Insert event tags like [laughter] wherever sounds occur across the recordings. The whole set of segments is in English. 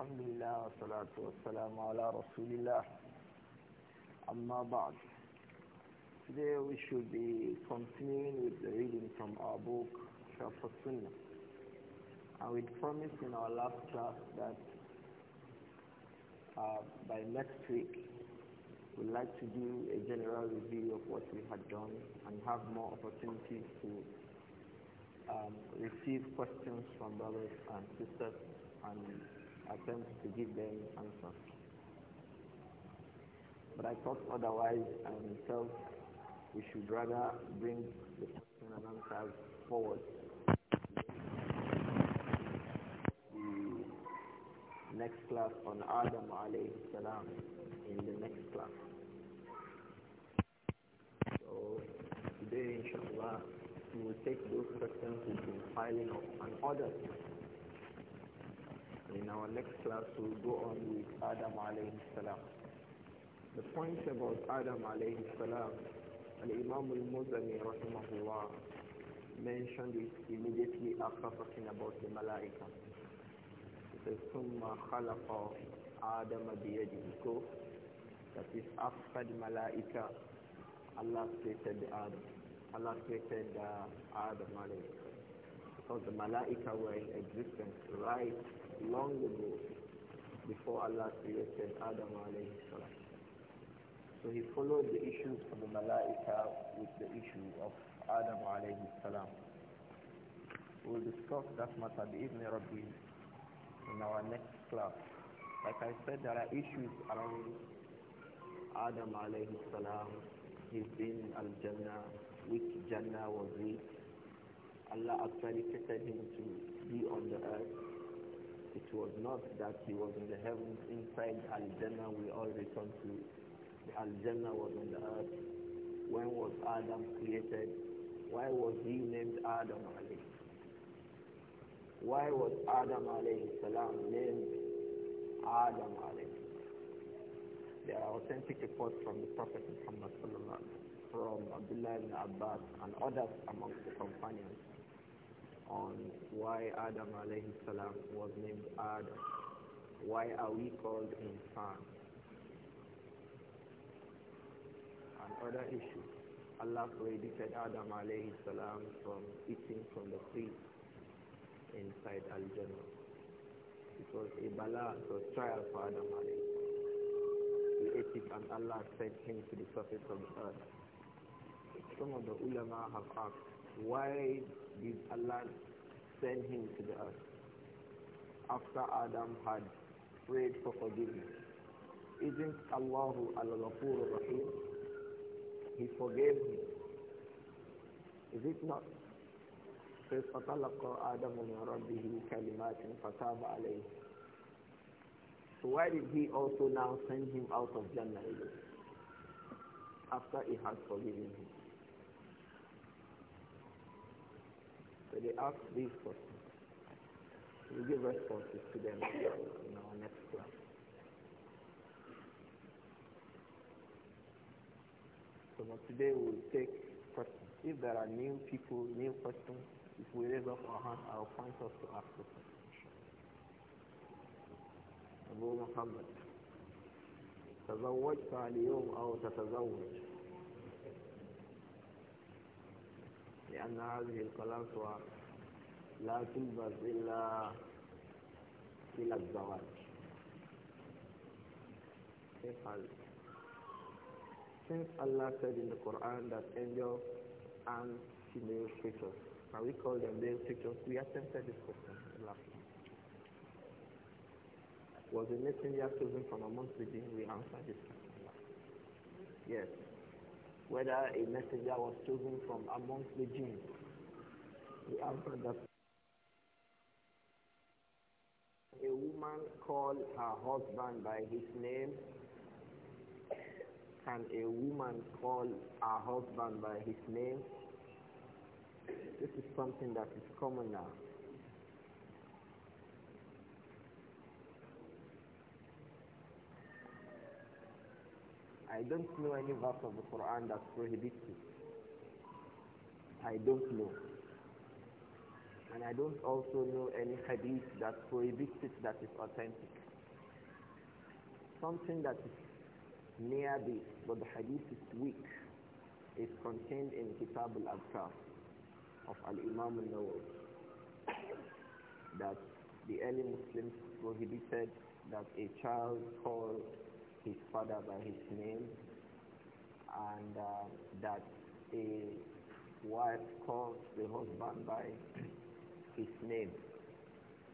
الحمد لله والصلاة والسلام على رسول الله أما بعد Today we should be continuing with the reading from our book Sharf Sunnah and we promised in our last class that uh, by next week we'd like to do a general review of what we had done and have more opportunities to um, receive questions from brothers and sisters and attempts to give them answers. But I thought otherwise and felt we should rather bring the question and answers forward. The next class on Adam alayhi salam in the next class. So today inshallah we will take those questions we've been filing up and others in our next class, we'll go on with Adam alayhi salam. The point about Adam alayhi salam, Al-Imam al-Muzani rahimahullah mentioned it immediately after talking about the Malaika. The says, ثُمَّ خَلَقَ آدَمَ بِيَدِهِ That is after the Malaika, Allah created Adam. Allah created uh, Adam alayhi because the Malaika were in existence right long ago before Allah created Adam alayhi salam. So he followed the issues of the Malaika with the issue of Adam alayhi salam. We'll discuss that matter بإذن ربي in our next class. Like I said, there are issues around Adam alayhi salam, his being al-Jannah, which Jannah was in. Allah actually accredited him to be on the earth it was not that he was in the heavens inside Al-Jannah, we all return to Al-Jannah was on the earth. When was Adam created? Why was he named Adam Why was Adam salam named Adam There are authentic reports from the Prophet Muhammad sallallahu from Abdullah ibn Abbas and others amongst the companions on why Adam alayhi salam was named Adam. Why are we called him And other issues. Allah prohibited Adam alayhi salam from eating from the tree inside Al-Jannah. It was a bala, it was trial for Adam alayhi He ate it and Allah sent him to the surface of the earth. Some of the ulama have asked, why did Allah send him to the earth after Adam had prayed for forgiveness. Isn't Allah al-Ghafur rahim He forgave him. Is it not? says, فَطَلَقَ آدَمُ مِنْ رَبِّهِ كَلِمَاتٍ فَتَابَ عَلَيْهِ So why did he also now send him out of Jannah after he had forgiven him? they ask these questions. We give responses to them in our next class. So today we will take questions. If there are new people, new questions, if we raise up our hand, I'll point us to ask the question. أبو محمد تزوجت اليوم أو تتزوج لأن هذه القلاصوة لا تلبس إلا إلى الزواج افعل Since Allah said in the Quran that angels and female creatures, and we call them male creatures, we attempted this question last time. Was the messenger chosen from amongst the jinn? We answered this question last Yes whether a messenger was chosen from amongst the jinn. The answer that a woman called her husband by his name, can a woman call her husband by his name? This is something that is common now. I don't know any verse of the Quran that prohibits it. I don't know. And I don't also know any hadith that prohibits it that is authentic. Something that is near this, but the hadith is weak, is contained in Kitab al-Abkar of Al-Imam al-Nawawi that the early Muslims prohibited that a child called his father by his name and uh, that a wife calls the husband by [clears throat] his name.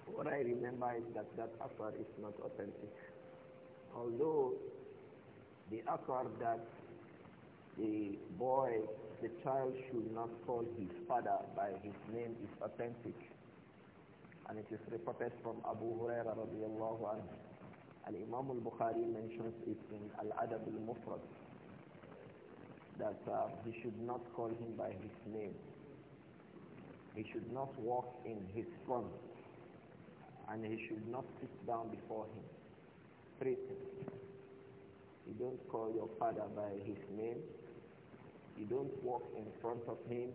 What I remember is that that affair is not authentic. Although the affair that the boy, the child should not call his father by his name is authentic. And it is reported from Abu Huraira radiallahu anhu. And imam al-Bukhari mentions it in Al-Adab al-Mufrad that uh, he should not call him by his name. He should not walk in his front and he should not sit down before him. Three things. You don't call your father by his name. You don't walk in front of him.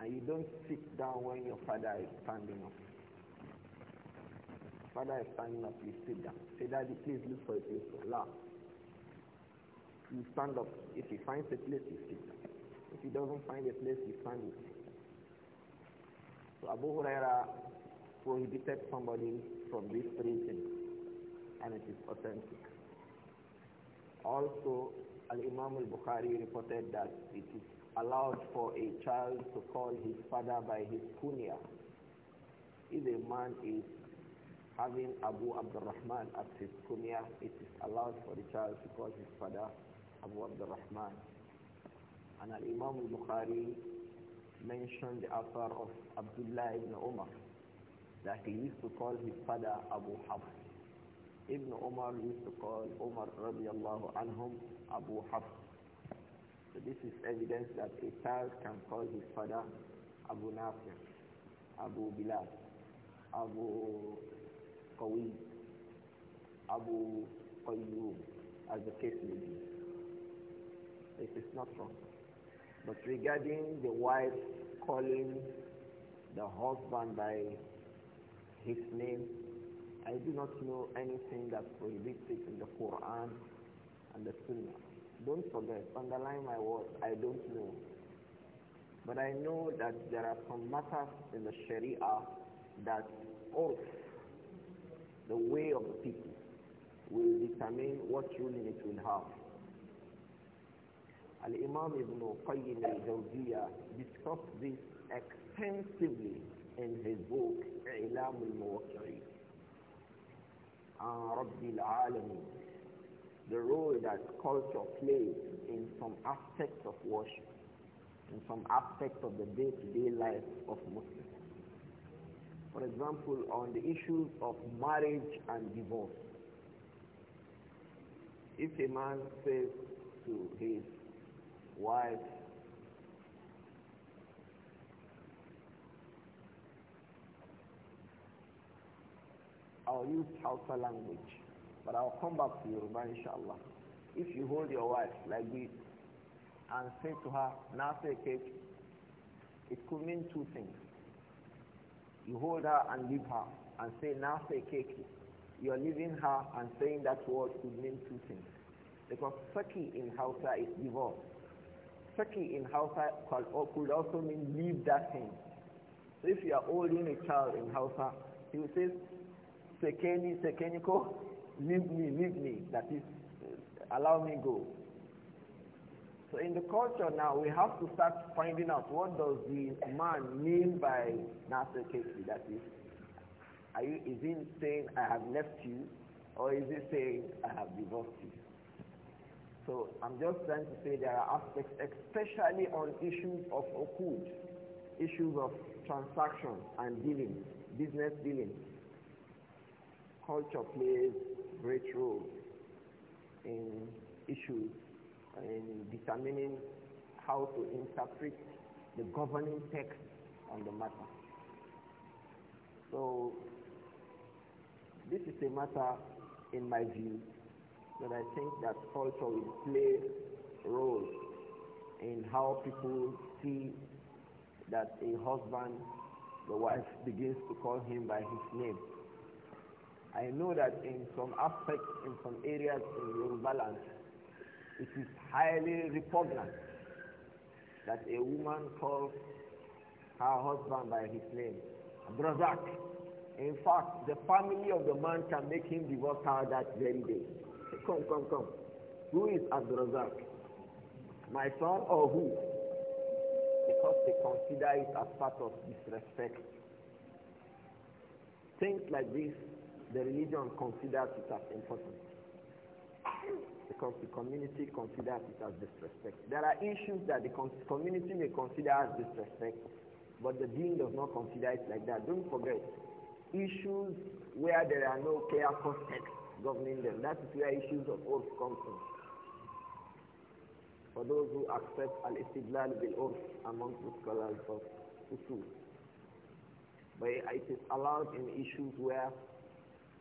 And you don't sit down when your father is standing up father is standing up, please sit down. Say, Daddy, please look for a place to laugh. You stand up. If he finds a place, he sit. down. If he doesn't find a place, he stand. up. So Abu Huraira prohibited somebody from this preaching, and it is authentic. Also, Al-Imam al-Bukhari reported that it is allowed for a child to call his father by his kunya if a man is having Abu Abdurrahman as his kunya, it is allowed for the child to call his father Abu Abdurrahman. And Al-Imam bukhari mentioned the author of Abdullah ibn Umar, that he used to call his father Abu Hafs. Ibn Umar used to call Umar radiallahu anhum Abu Hafs. So this is evidence that a child can call his father Abu Nafir, Abu Bilal, Abu Qawi, Abu Qayyum, as the case may be. It is not wrong. But regarding the wife calling the husband by his name, I do not know anything that prohibits it in the Quran and the Sunnah. Don't forget, underline my words, I don't know. But I know that there are some matters in the Sharia that oath the way of the people will determine what ruling it will have. Al-Imam Ibn Qayyim al-Jawziyah discussed this extensively in his book Ilam al-Muwakkiri al ah, Alamin the role that culture plays in some aspects of worship, in some aspects of the day to -day life of Muslims for example, on the issues of marriage and divorce. If a man says to his wife, I'll use Hausa language, but I'll come back to Yoruba inshallah. If you hold your wife like this and say to her, Nase it," it could mean two things. You hold her and leave her and say, say keki. You are leaving her and saying that word could mean two things. Because Saki in Hausa is divorce. Saki in Hausa could also mean leave that thing. So if you are holding a child in Hausa, he will say, Sekeni, Sekeniko, leave me, leave me. That is, uh, allow me go. So in the culture now, we have to start finding out what does the man mean by Nasir Kesi, that is, are you, is he saying, I have left you, or is he saying, I have divorced you? So I'm just trying to say there are aspects, especially on issues of occult, issues of transaction and dealing, business dealing. Culture plays great role in issues in uh, determining how to interpret the governing text on the matter. So this is a matter, in my view, that I think that culture will play a role in how people see that a husband, the wife begins to call him by his name. I know that in some aspects, in some areas in Yoruba land, it is highly repugnant that a woman calls her husband by his name, Abrazak. In fact, the family of the man can make him divorce her that very day. come, come, come. Who is Abdurazak? My son or who? Because they consider it as part of disrespect. Things like this, the religion considers it as important. Because the community considers it as disrespect. There are issues that the community may consider as disrespect, but the dean does not consider it like that. Don't forget, issues where there are no clear context governing them. That is where issues of oath come from. For those who accept al-istidlal bil oath among the scholars of usul. But it is allowed in issues where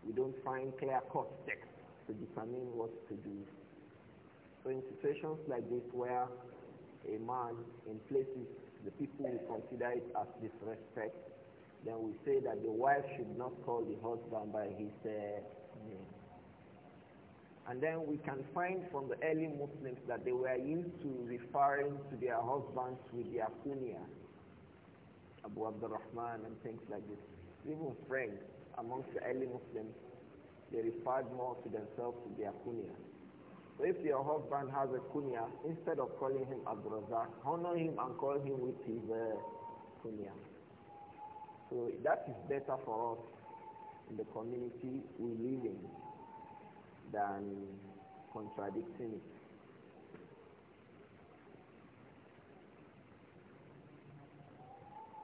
we don't find clear context to determine what to do. So in situations like this where a man in places the people will consider it as disrespect, then we say that the wife should not call the husband by his uh, name. And then we can find from the early Muslims that they were used to referring to their husbands with their kunya, Abu Abdurrahman and things like this. Even friends amongst the early Muslims, they referred more to themselves to their kunya. So if your husband has a kunya, instead of calling him Abdul brother, honor him and call him with his uh, kunya. So that is better for us in the community we live in than contradicting it.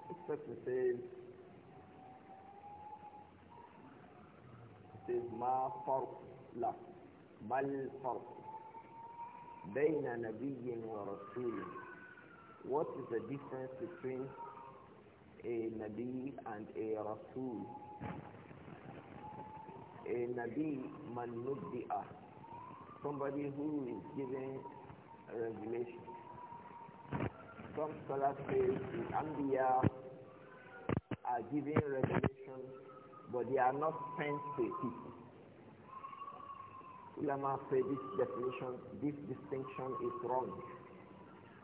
This person says, says ma farq la mal farq bayna nabiyyin wa rasulin what is the difference between a nabi and a rasul a nabi man nubbi'ah somebody who is giving revelation some scholars say the anbiya are giving revelation but they are not sent to a people. Ulama say this definition, this distinction is wrong.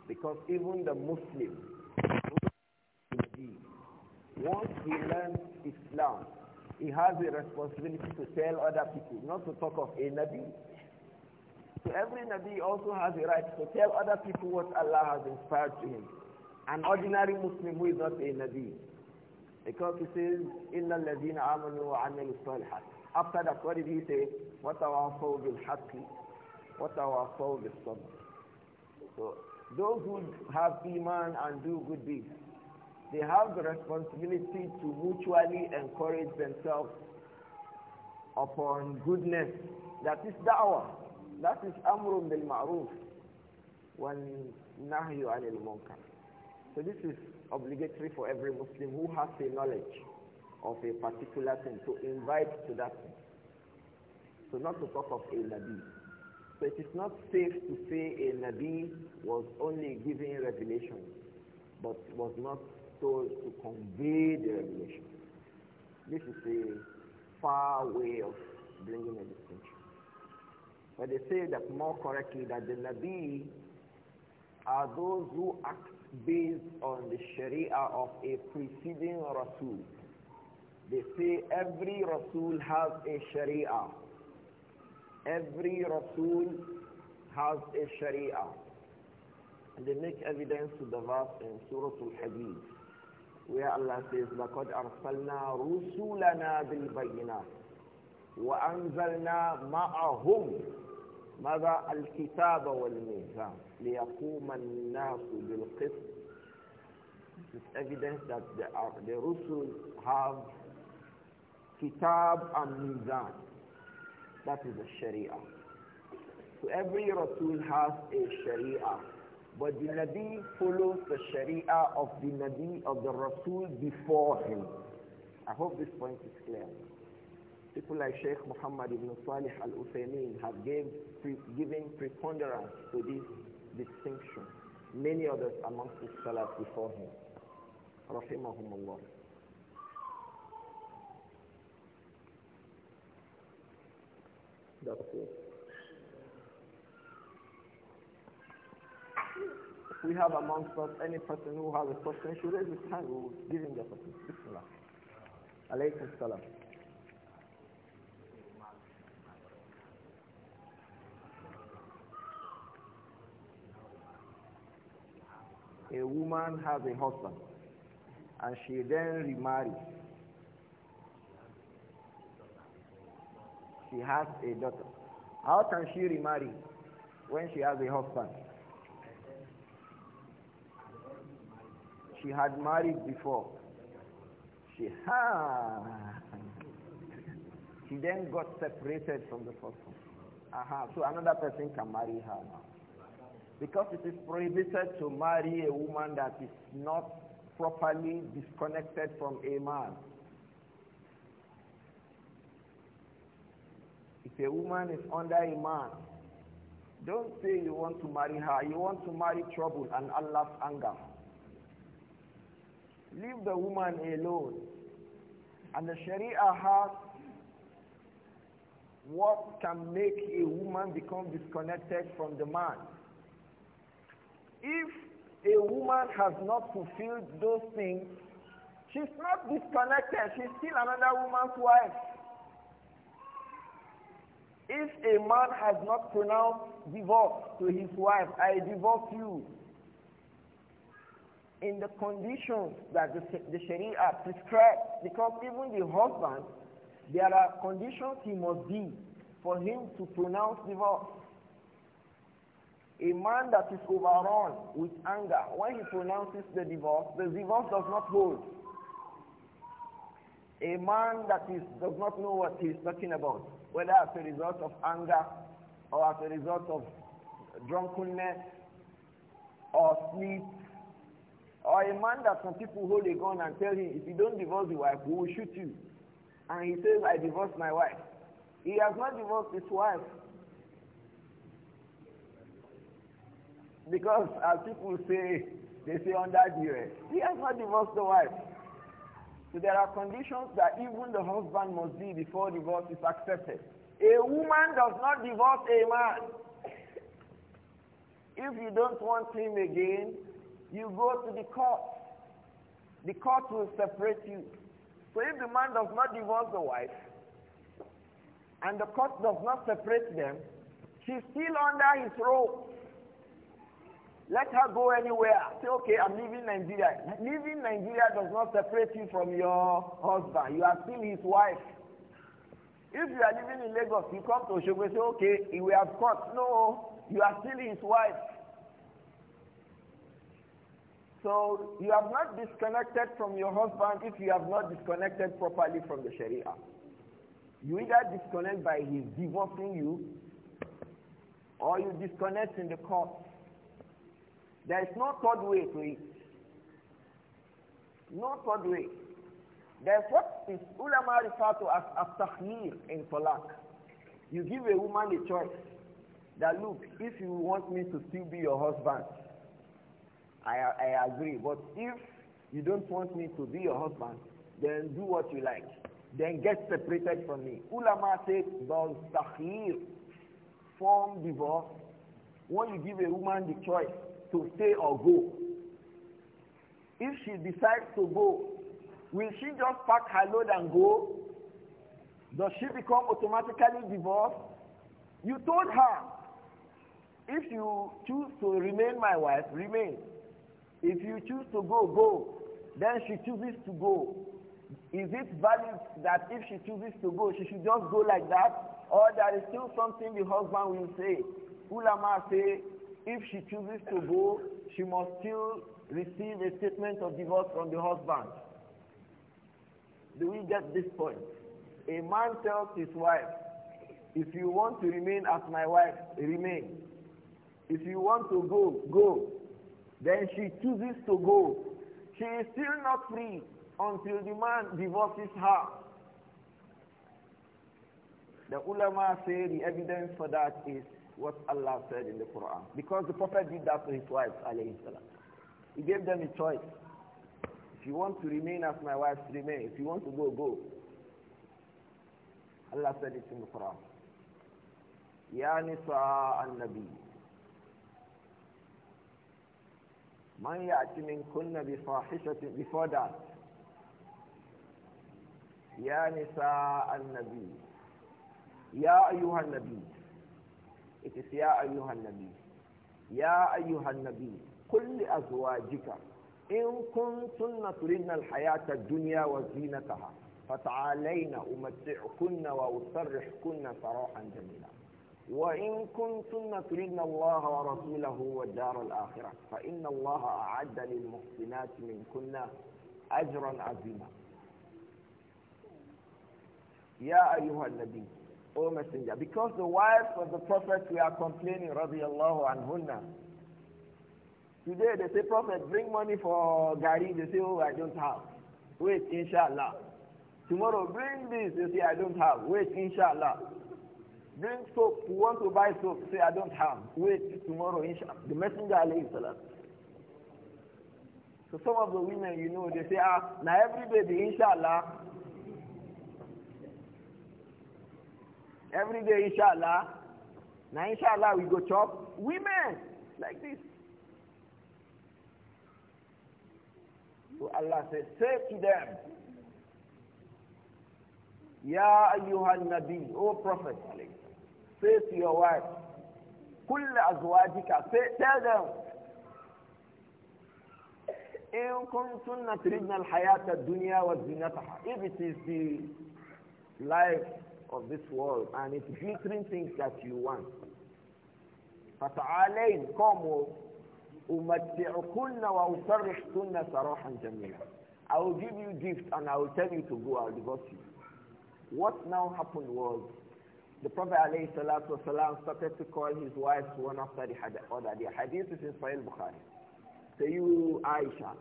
Because even the Muslim, once he learns Islam, he has a responsibility to tell other people, not to talk of a Nabi. So every Nabi also has a right to tell other people what Allah has inspired to him. An ordinary Muslim who is not a Nabi because he says, إِلَّا الَّذِينَ آمَنُوا وَعَمِلُوا الصَّالِحَاتِ After that, what did he say? وَتَوَافَوْا بِالْحَقِّ وَتَوَافَوْا بِالصَّبْرِ So, those who have iman and do good deeds, they have the responsibility to mutually encourage themselves upon goodness. That is da'wah. That is amrun bil ma'ruf wal nahyu munkar. So this is obligatory for every Muslim who has a knowledge of a particular thing to invite to that thing. So not to talk of a Nabi. So it is not safe to say a Nabi was only giving revelation, but was not told to convey the revelation. This is a far way of bringing a distinction. But they say that more correctly that the Nabi are those who act based on the sharia of a preceding Rasul. They say every Rasul has a sharia. Every Rasul has a sharia. And they make evidence to the verse in Surah Al-Hadid where Allah says, لَقَدْ أَرْسَلْنَا رُسُولَنَا بِالْبَيِّنَاتِ وَأَنْزَلْنَا مَعَهُمْ ماذا الكتاب والميزان ليقوم الناس بالقسط This It's evidence that the, uh, the Rusul have Kitab and Mizan. That is the Sharia. So every Rasul has a Sharia. But the Nabi follows the Sharia of the Nabi of the Rasul before him. I hope this point is clear. People like Sheikh Muhammad ibn Salih al-Uthaymeen have gave, pre, given preponderance to this distinction. Many others amongst the scholars before him. Rahimahumullah. That's it. If we have amongst us any person who has a question, should raise his hand. We will give him the question. Bismillah. Alaykum salam. a woman has a husband and she then remarries, she has a daughter. How can she remarry when she has a husband? She had married before. She ha. [laughs] she then got separated from the first one. Aha. So another person can marry her now. Because it is prohibited to marry a woman that is not properly disconnected from a man. If a woman is under a man, don't say you want to marry her. You want to marry trouble and Allah's anger. Leave the woman alone. And the Sharia has what can make a woman become disconnected from the man if a woman has not fulfilled those things, she's not disconnected. She's still another woman's wife. If a man has not pronounced divorce to his wife, I divorce you, in the conditions that the, the Sharia prescribed, because even the husband, there are conditions he must be for him to pronounce divorce. A man that is overrun with anger, when he pronounces the divorce, the divorce does not hold. A man that is, does not know what he is talking about, whether as a result of anger or as a result of drunkenness or sleep, or a man that some people hold a gun and tell him, if you don't divorce your wife, we will shoot you. And he says, I divorced my wife. He has not divorced his wife. Because as people say, they say under duress. He has not divorced the wife. So there are conditions that even the husband must be before divorce is accepted. A woman does not divorce a man. If you don't want him again, you go to the court. The court will separate you. So if the man does not divorce the wife, and the court does not separate them, she's still under his rope. Let her go anywhere. Say, okay, I'm leaving Nigeria. Leaving Nigeria does not separate you from your husband. You are still his wife. If you are living in Lagos, you come to Oshogbo say, okay, we have caught. No, you are still his wife. So you have not disconnected from your husband if you have not disconnected properly from the Sharia. You either disconnect by his divorcing you or you disconnect in the court. There is no third way to it. No third way. There's what is ulama refer to as aftakhir in talaq. You give a woman a choice that look, if you want me to still be your husband, I, I agree. But if you don't want me to be your husband, then do what you like. Then get separated from me. Ulama said, does takhir form divorce? When you give a woman the choice to stay or go. If she decides to go, will she just pack her load and go? Does she become automatically divorced? You told her, if you choose to remain my wife, remain. If you choose to go, go. Then she chooses to go. Is it valid that if she chooses to go, she should just go like that? Or there is still something the husband will say? Ulama say, if she chooses to go, she must still receive a statement of divorce from the husband. Do we get this point? A man tells his wife, if you want to remain as my wife, remain. If you want to go, go. Then she chooses to go. She is still not free until the man divorces her. The ulama say the evidence for that is what Allah said in the Quran. Because the Prophet did that to his wife, alayhi salam. He gave them a choice. If you want to remain as my wife, remain. If you want to go, go. Allah said it in the Quran. Ya nisa an-nabi. Man ya'ti min kunna bi fahishatin before that. Ya nisa an-nabi. Ya al nabi. يا أيها النبي يا أيها النبي Ayyuhan Nabi, إن كنتن تردن الحياة الدنيا وزينتها فتعالين أمتعكن وأسرحكن سراحا جميلا وإن كنتن تردن الله ورسوله والدار الآخرة فإن الله أعد للمحسنات منكن أجرا عظيما يا أيها النبي O Messenger, because the wives of the Prophet we are complaining, radiallahu anhunna. Today they say, Prophet, bring money for Gari. They say, oh, I don't have. Wait, inshallah. Tomorrow, bring this. They say, I don't have. Wait, inshallah. Bring soap. want to buy soap? Say, I don't have. Wait, tomorrow, inshallah. The Messenger, alayhi salam. So some of the women, you know, they say, ah, now every day, the inshallah, Every day, inshallah. Now, inshallah, we go chop women like this. So Allah says, say to them, Ya ayyuhan nabi, O Prophet, say to your wife, كل أزواجك say, tell them, إن كنتن تريدن الحياة الدنيا وزينتها if it is the life of this world and it's glittering things that you want. فَتَعَالَيْنْ قَمُوا أُمَتِّعْكُنَّ وَأُسَرِّحْكُنَّ سَرَاحًا jamila. I will give you gift and I will tell you to go, I will divorce you. What now happened was the Prophet ﷺ started to call his wives one after the other. The hadith is in Sahih Bukhari. Say you, Aisha,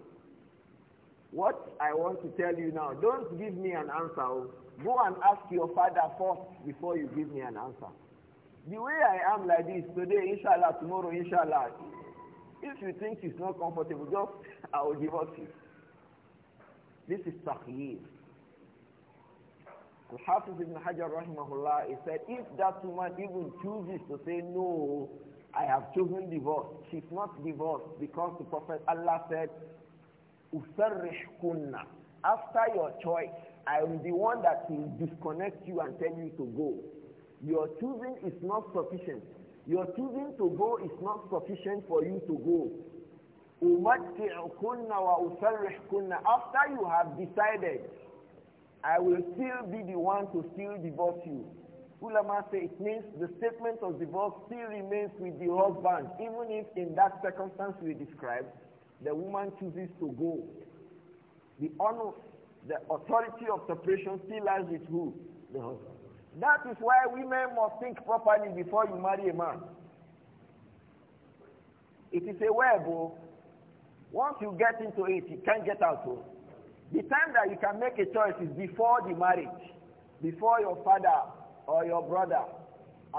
what I want to tell you now, don't give me an answer. Oh. Go and ask your father first before you give me an answer. The way I am like this today, inshallah, tomorrow, inshallah, if you think it's not comfortable, just [laughs] I will divorce you. This is takhir. Al-Hafiz ibn Hajar rahimahullah, he said, if that woman even chooses to say, no, I have chosen divorce, she's not divorced because the Prophet Allah said, Usarrihkunna. After your choice, I am the one that will disconnect you and tell you to go. Your choosing is not sufficient. Your choosing to go is not sufficient for you to go. After you have decided, I will still be the one to still divorce you. Ulama say it means the statement of divorce still remains with the husband, even if in that circumstance we described, the woman chooses to go. The honor the authority of separation still lies with who? The husband. That is why women must think properly before you marry a man. It is a web. Oh. Once you get into it, you can't get out. Oh. The time that you can make a choice is before the marriage, before your father or your brother,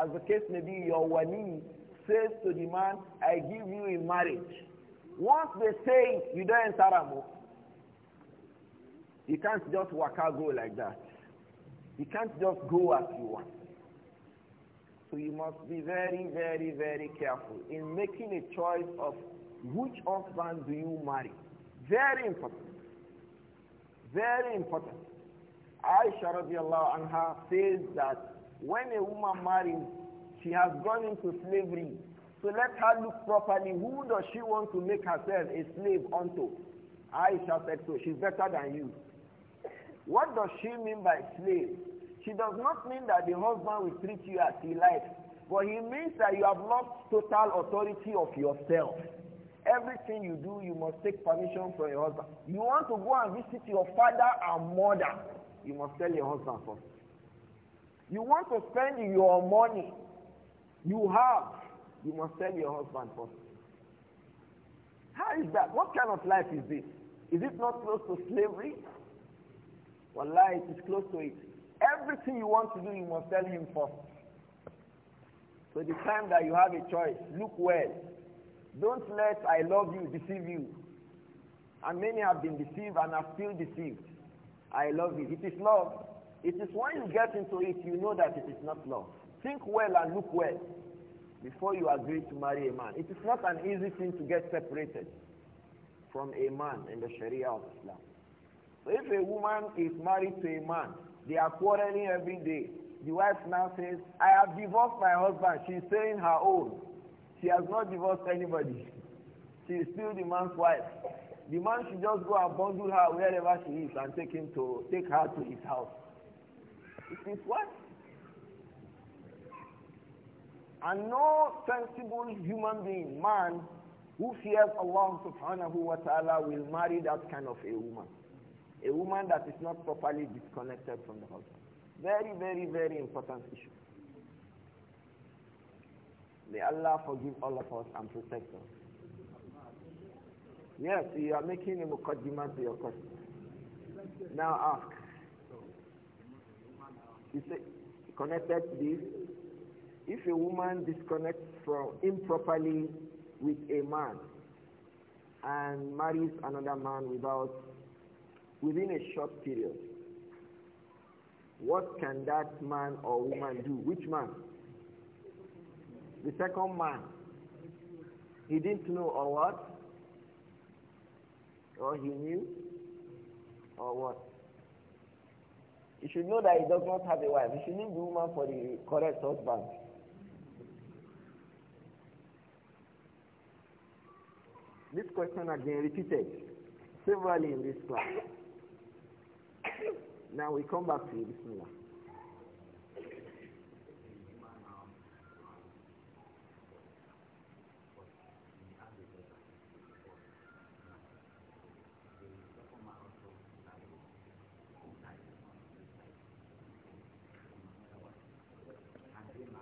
as the case may be, your wani says to the man, I give you in marriage. Once they say you don't enter oh. You can't just walk out go like that. You can't just go as you want. So you must be very, very, very careful in making a choice of which husband do you marry. Very important. Very important. Aisha radiallahu anha says that when a woman marries, she has gone into slavery. So let her look properly. Who does she want to make herself a slave unto? Aisha said so. She's better than you. What does she mean by slave? She does not mean that the husband will treat you as he likes, but he means that you have lost total authority of yourself. Everything you do, you must take permission from your husband. You want to go and visit your father and mother, you must tell your husband first. You want to spend your money you have, you must tell your husband first. How is that? What kind of life is this? Is it not close to slavery? Wallahi, it is close to it. Everything you want to do, you must tell him first. So the time that you have a choice, look well. Don't let I love you deceive you. And many have been deceived and are still deceived. I love you. It is love. It is when you get into it, you know that it is not love. Think well and look well before you agree to marry a man. It is not an easy thing to get separated from a man in the Sharia of Islam. If a woman is married to a man, they are quarreling every day. The wife now says, I have divorced my husband. She's saying her own. She has not divorced anybody. She is still the man's wife. The man should just go and bundle her wherever she is and take him to take her to his house. It is what? And no sensible human being, man, who fears Allah subhanahu wa ta'ala will marry that kind of a woman. A woman that is not properly disconnected from the husband. Very, very, very important issue. May Allah forgive all of us and protect us. Yes, you are making a mukaddimah to your question. Now ask. You say, connected this. If a woman disconnects from improperly with a man and marries another man without within a short period. What can that man or woman do? Which man? The second man. He didn't know or what? Or he knew? Or what? He should know that he does not have a wife. He should leave the woman for the correct husband. This question has been repeated severally in this class. Now we come back to you, Bismillah.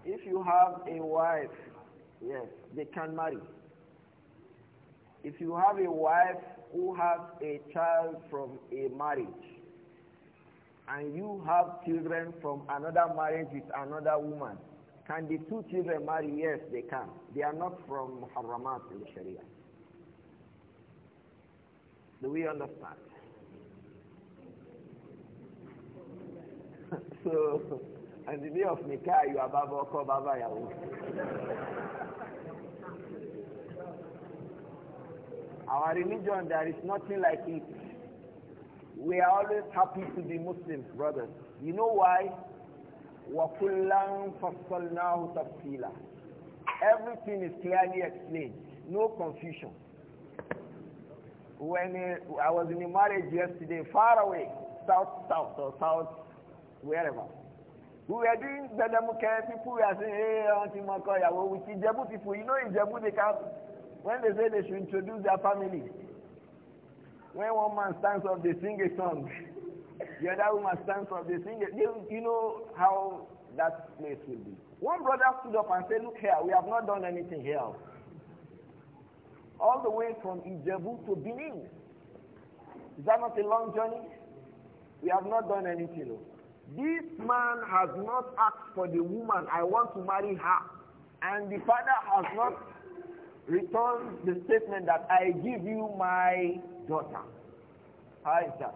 If you have a wife, yes, they can marry. If you have a wife who has a child from a marriage, and you have children from another marriage with another woman, can the two children marry? Yes, they can. They are not from Muharramat in Sharia. Do we understand? [laughs] so, on the day of Nikah, you are Baba Oko Baba Yahoo. [laughs] Our religion, there is nothing like it. We are always happy to be Muslims, brothers. You know why? Everything is clearly explained. No confusion. When uh, I was in a marriage yesterday, far away, south, south, or south, wherever. We were doing Bedemuke, people were saying, hey, Auntie Makoya, well, with Ijebu people, you know Ijebu, they can't, when they say they should introduce their family, when one man stands up, they sing a song. The other woman stands up, they sing a you, you know how that place will be. One brother stood up and said, look here, we have not done anything here. All the way from Ijebu to Benin. Is that not a long journey? We have not done anything. No. This man has not asked for the woman. I want to marry her. And the father has not returned the statement that I give you my daughter, Aisha,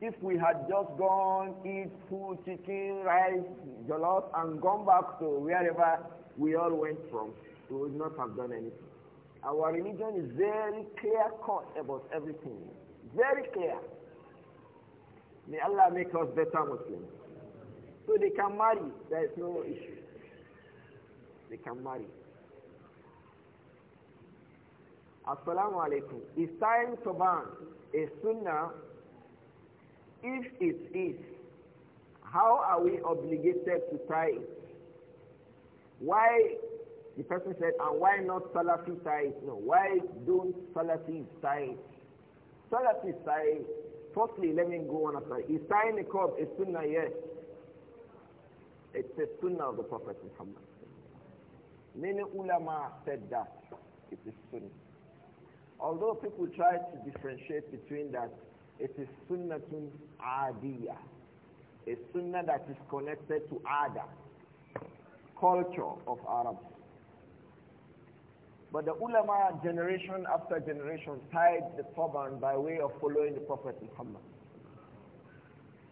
if we had just gone, eat food, chicken, rice, jollof, and gone back to wherever we all went from, we would not have done anything. Our religion is very clear cut about everything. Very clear. May Allah make us better Muslims. So they can marry. There is no issue. They can marry. Assalamu alaikum. Is tying ban a sunnah? If it is, how are we obligated to tie it? Why, the person said, and why not Salafi tie it? No, why don't Salafi tie it? Salafi tie Firstly, let me go on aside. Is tying a a sunnah? Yes. It's a sunnah of the Prophet Muhammad. Many ulama said that. It is sunnah. Although people try to differentiate between that, it is sunnatun adiyah. A sunnah that is connected to ada, culture of Arabs. But the ulama, generation after generation, tied the turban by way of following the Prophet Muhammad.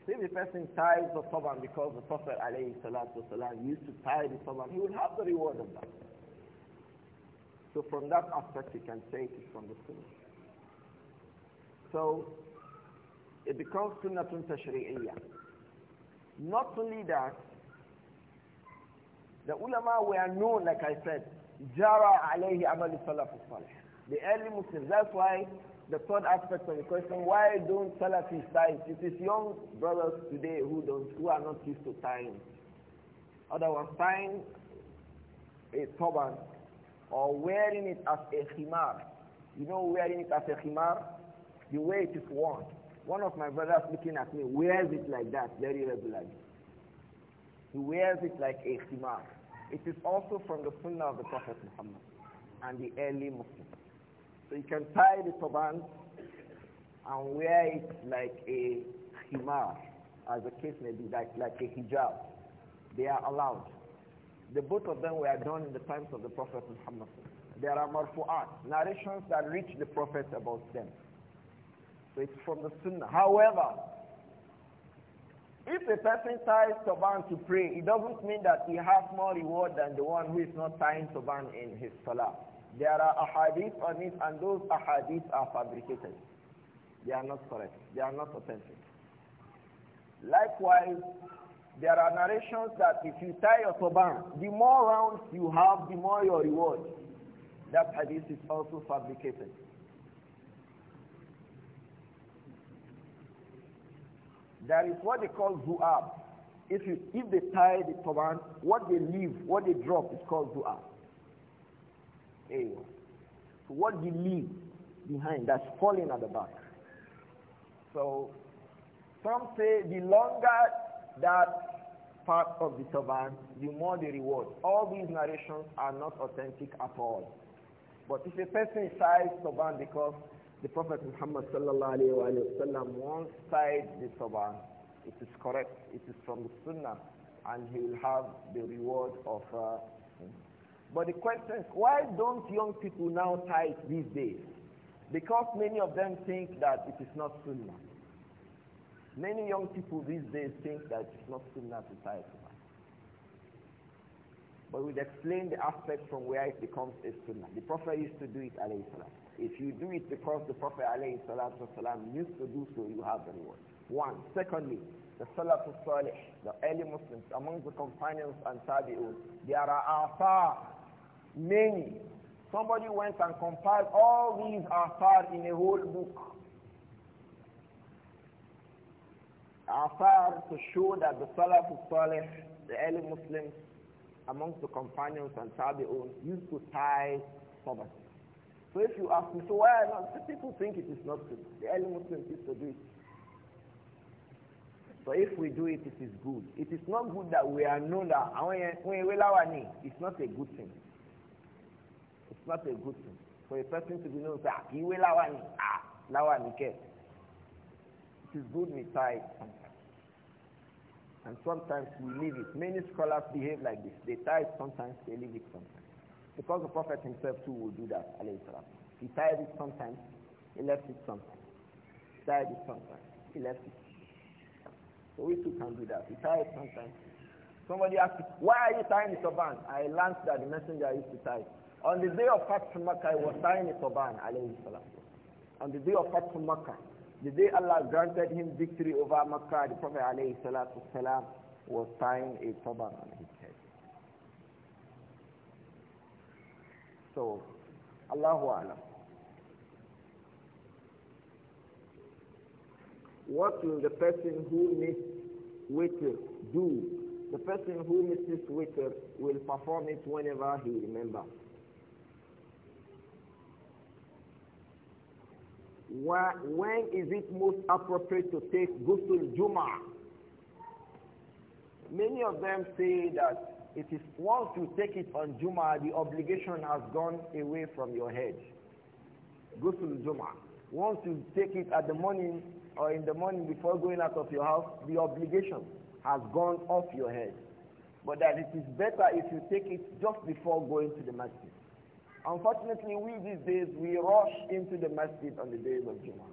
See, the person ties the turban because the Prophet ﷺ used to tie the turban, he will have the reward of that. So from that aspect, you can say it is from the sunnah. So it becomes sunnatun tashri'iyya. Not only that, the ulama were known, like I said, jara alayhi amal salaf salih. The early Muslims, that's why the third aspect of the question, why don't Salafis tie? It is young brothers today who don't, who are not used to tying. Otherwise, tying a turban or wearing it as a khimar. You know wearing it as a khimar? The way it is worn. One of my brothers looking at me wears it like that very regularly. He wears it like a khimar. It is also from the sunnah of the Prophet Muhammad and the early Muslims. So you can tie the turban and wear it like a khimar, as the case may be, like, like a hijab. They are allowed. The both of them were done in the times of the Prophet Muhammad. There are marfu'at, narrations that reach the Prophet about them. So it's from the Sunnah. However, if a person ties toban to pray, it doesn't mean that he has more reward than the one who is not tying toban in his salah. There are ahadith on it, and those ahadith are fabricated. They are not correct. They are not authentic. Likewise, there are narrations that if you tie your turban, the more rounds you have, the more your reward. That hadith is also fabricated. There is what they call zu'ab. If, you, if they tie the turban, what they leave, what they drop is called zu'ab. So what they leave behind that's falling at the back. So some say the longer that part of the servant, the more the reward. All these narrations are not authentic at all. But if a person ties servant because the Prophet Muhammad sallallahu alayhi wa once side the servant, it is correct, it is from the sunnah, and he will have the reward of uh, but the question is, why don't young people now tithe these days? Because many of them think that it is not sunnah. Many young people these days think that it's not sunnah to tie a sunnah. But we'll explain the aspect from where it becomes a sunnah. The Prophet used to do it, alayhi salam. If you do it because the Prophet, alayhi salam, used to do so, you have the reward. One. Secondly, the Salatul Salih, the early Muslims, among the companions and Tabi'un, there are afar, many. Somebody went and compiled all these afar in a whole book. afar to show that the Salaf Salih, the early Muslims amongst the companions and Tabi'un, used to tie turbans. So if you ask me, so why not? The people think it is not good. The early Muslims used to do it. So if we do it, it is good. It is not good that we are known that ah, it's not a good thing. It's not a good thing for a person to be known that he lawani, ah, lawani care. Ah, is good sometimes. And sometimes we leave it. Many scholars behave like this. They tie it sometimes, they leave it sometimes. Because the Prophet himself too will do that, He tied it sometimes, he left it sometimes. He tied it sometimes, he left it. So we too can do that. He tied it sometimes. Somebody asked, why are you tying the turban? I learned that the messenger used to tie it. On the day of Fatih Makkah, I was tying the turban, alayhi salam. On the day of Fatih Makkah, the day Allah granted him victory over Makkah, the Prophet والسلام, was tying a turban on his head. So, Allahu Alam. What will the person who missed witr do? The person who misses witr will perform it whenever he remembers. Where, when is it most appropriate to take Ghusl Juma? Many of them say that it is once you take it on Juma, the obligation has gone away from your head. Ghusl Juma. Once you take it at the morning or in the morning before going out of your house, the obligation has gone off your head. But that it is better if you take it just before going to the masjid. Unfortunately, we these days, we rush into the masjid on the days of Jummah.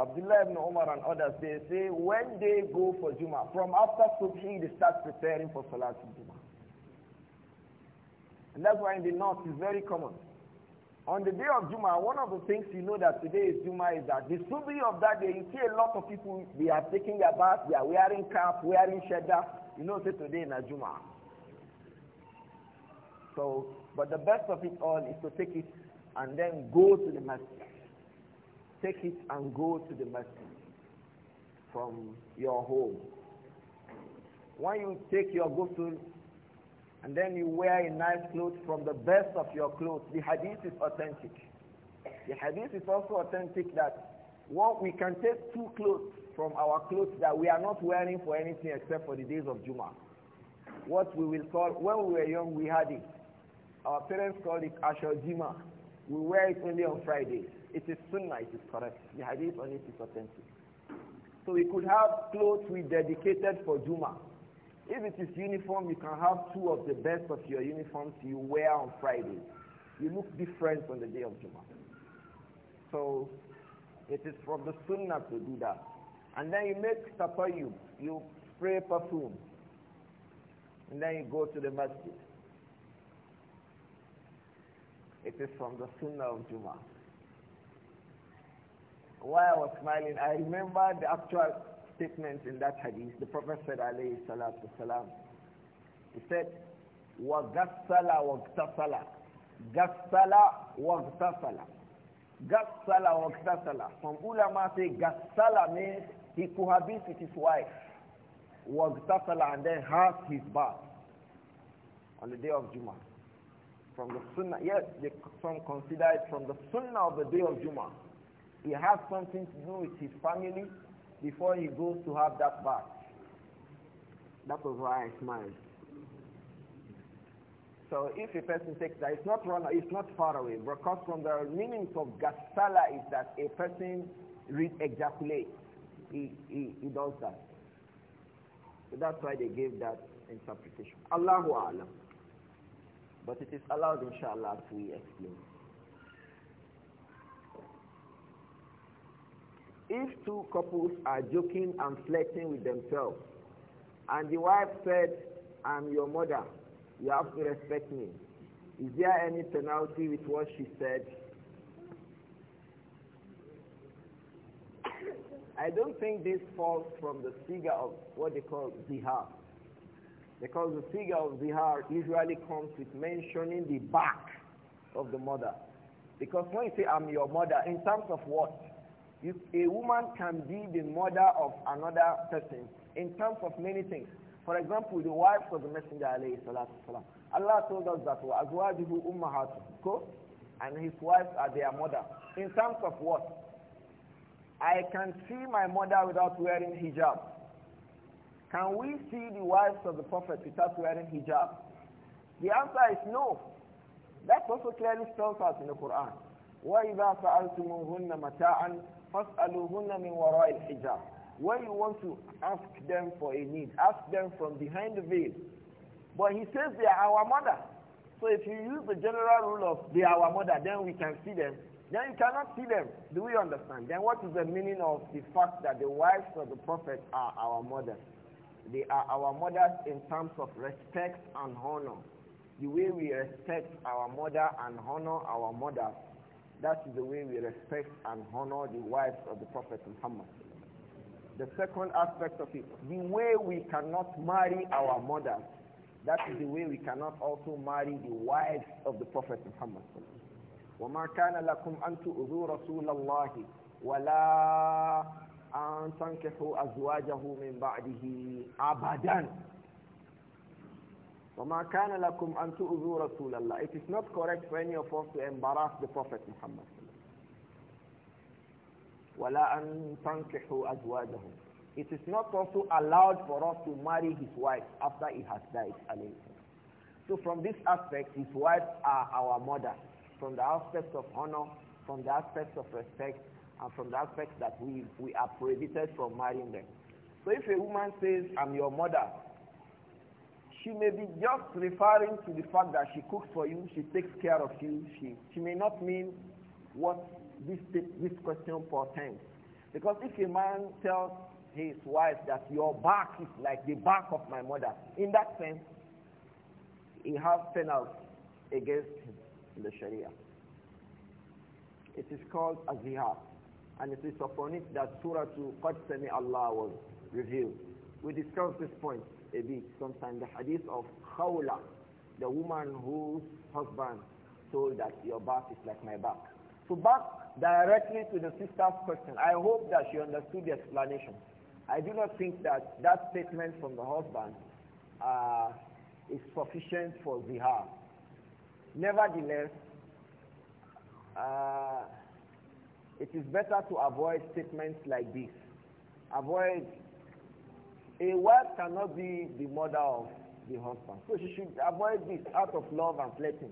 Abdullah ibn Umar and others, they say when they go for Jummah, from after Subhi, they start preparing for Salat Jummah. And that's why in the north it's very common. On the day of Jummah, one of the things you know that today is Jummah is that the Subhi of that day, you see a lot of people, they are taking their bath, they are wearing cap, wearing shada. You know, say today is Jummah. So but the best of it all is to take it and then go to the masjid. Take it and go to the masjid from your home. When you take your ghusl and then you wear a nice clothes from the best of your clothes, the hadith is authentic. The hadith is also authentic that what we can take two clothes from our clothes that we are not wearing for anything except for the days of Juma. What we will call, when we were young, we had it. Our parents called it Juma. We wear it only on Fridays. It is sunnah, it is correct. The hadith on it is authentic. So we could have clothes we dedicated for Juma. If it is uniform, you can have two of the best of your uniforms you wear on Fridays. You look different on the day of Juma. So it is from the sunnah to do that. And then you make tapayyub, you spray perfume. And then you go to the masjid. It is from the Sunnah of Juma. Why I was smiling, I remember the actual statement in that hadith. The Prophet said, alayhi salatu salam, he said, وَغَسَّلَ وَاغْتَسَلَ غَسَّلَ وَاغْتَسَلَ غَسَّلَ وَاغْتَسَلَ Some ulama say غَسَّلَ means he cohabits with his wife. وَاغْتَسَلَ and then has his bath on the day of Jummah. From the sunnah, yes, they, some consider it from the sunnah of the day of Jummah. He has something to do with his family before he goes to have that bath. That was why I smiled. So if a person takes that, it's not run, it's not far away. Because from the meanings of gasala is that a person ejaculates. He, he, he does that. So that's why they gave that interpretation. Allahu Alam. But it is allowed, inshallah, to explain. If two couples are joking and flirting with themselves, and the wife said, I'm your mother, you have to respect me, is there any penalty with what she said? I don't think this falls from the figure of what they call zihar. Because the figure of zihar usually comes with mentioning the back of the mother. Because when you say, I'm your mother, in terms of what? a woman can be the mother of another person in terms of many things. For example, the wife of the Messenger alayhi salatu salam. Allah told us that وَأَزْوَاجِهُ أُمَّهَاتُ Go. And his wives are their mother. In terms of what? I can see my mother without wearing hijab. Can we see the wives of the Prophet without wearing hijab? The answer is no. That also clearly tells us in the Quran. وَإِذَا سَأَلْتُمُهُنَّ مَتَاعًا فَاسْأَلُوهُنَّ مِنْ وَرَاءِ الْحِجَابِ When you want to ask them for a need, ask them from behind the veil. But he says they are our mother. So if you use the general rule of they are our mother, then we can see them. Then you cannot see them. Do we understand? Then what is the meaning of the fact that the wives of the prophet are our mothers? They are our mothers in terms of respect and honor. The way we respect our mother and honor our mother, that is the way we respect and honor the wives of the Prophet Muhammad. The second aspect of it, the way we cannot marry our mothers, that is the way we cannot also marry the wives of the Prophet Muhammad. وَمَا كَانَ لَكُمْ أَن تُؤْذُوا رَسُولَ اللَّهِ وَلَا أن تنكحوا أزواجه من بعده أبدا وما كان لكم أن تؤذوا It is not correct for any of us to embarrass the Prophet Muhammad ولا أن تنكحوا أزواجه It is not also allowed for us to marry his wife after he has died So from this aspect, his wives are our mothers from the aspect of honor, from the aspect of respect, and from the aspect that we, we are prohibited from marrying them. So if a woman says, I'm your mother, she may be just referring to the fact that she cooks for you, she takes care of you. She, she may not mean what this, this question portends. Because if a man tells his wife that your back is like the back of my mother, in that sense, he has penalty against him in the Sharia. It is called azihar and it is upon it that Surah to Qad Sami Allah was revealed. We discussed this point a bit sometime, the hadith of Khawla, the woman whose husband told that your back is like my back. So back directly to the sister's question. I hope that she understood the explanation. I do not think that that statement from the husband uh, is sufficient for zihar. Nevertheless, uh, it is better to avoid statements like this. Avoid a wife cannot be the mother of the husband. So she should avoid this out of love and flirting.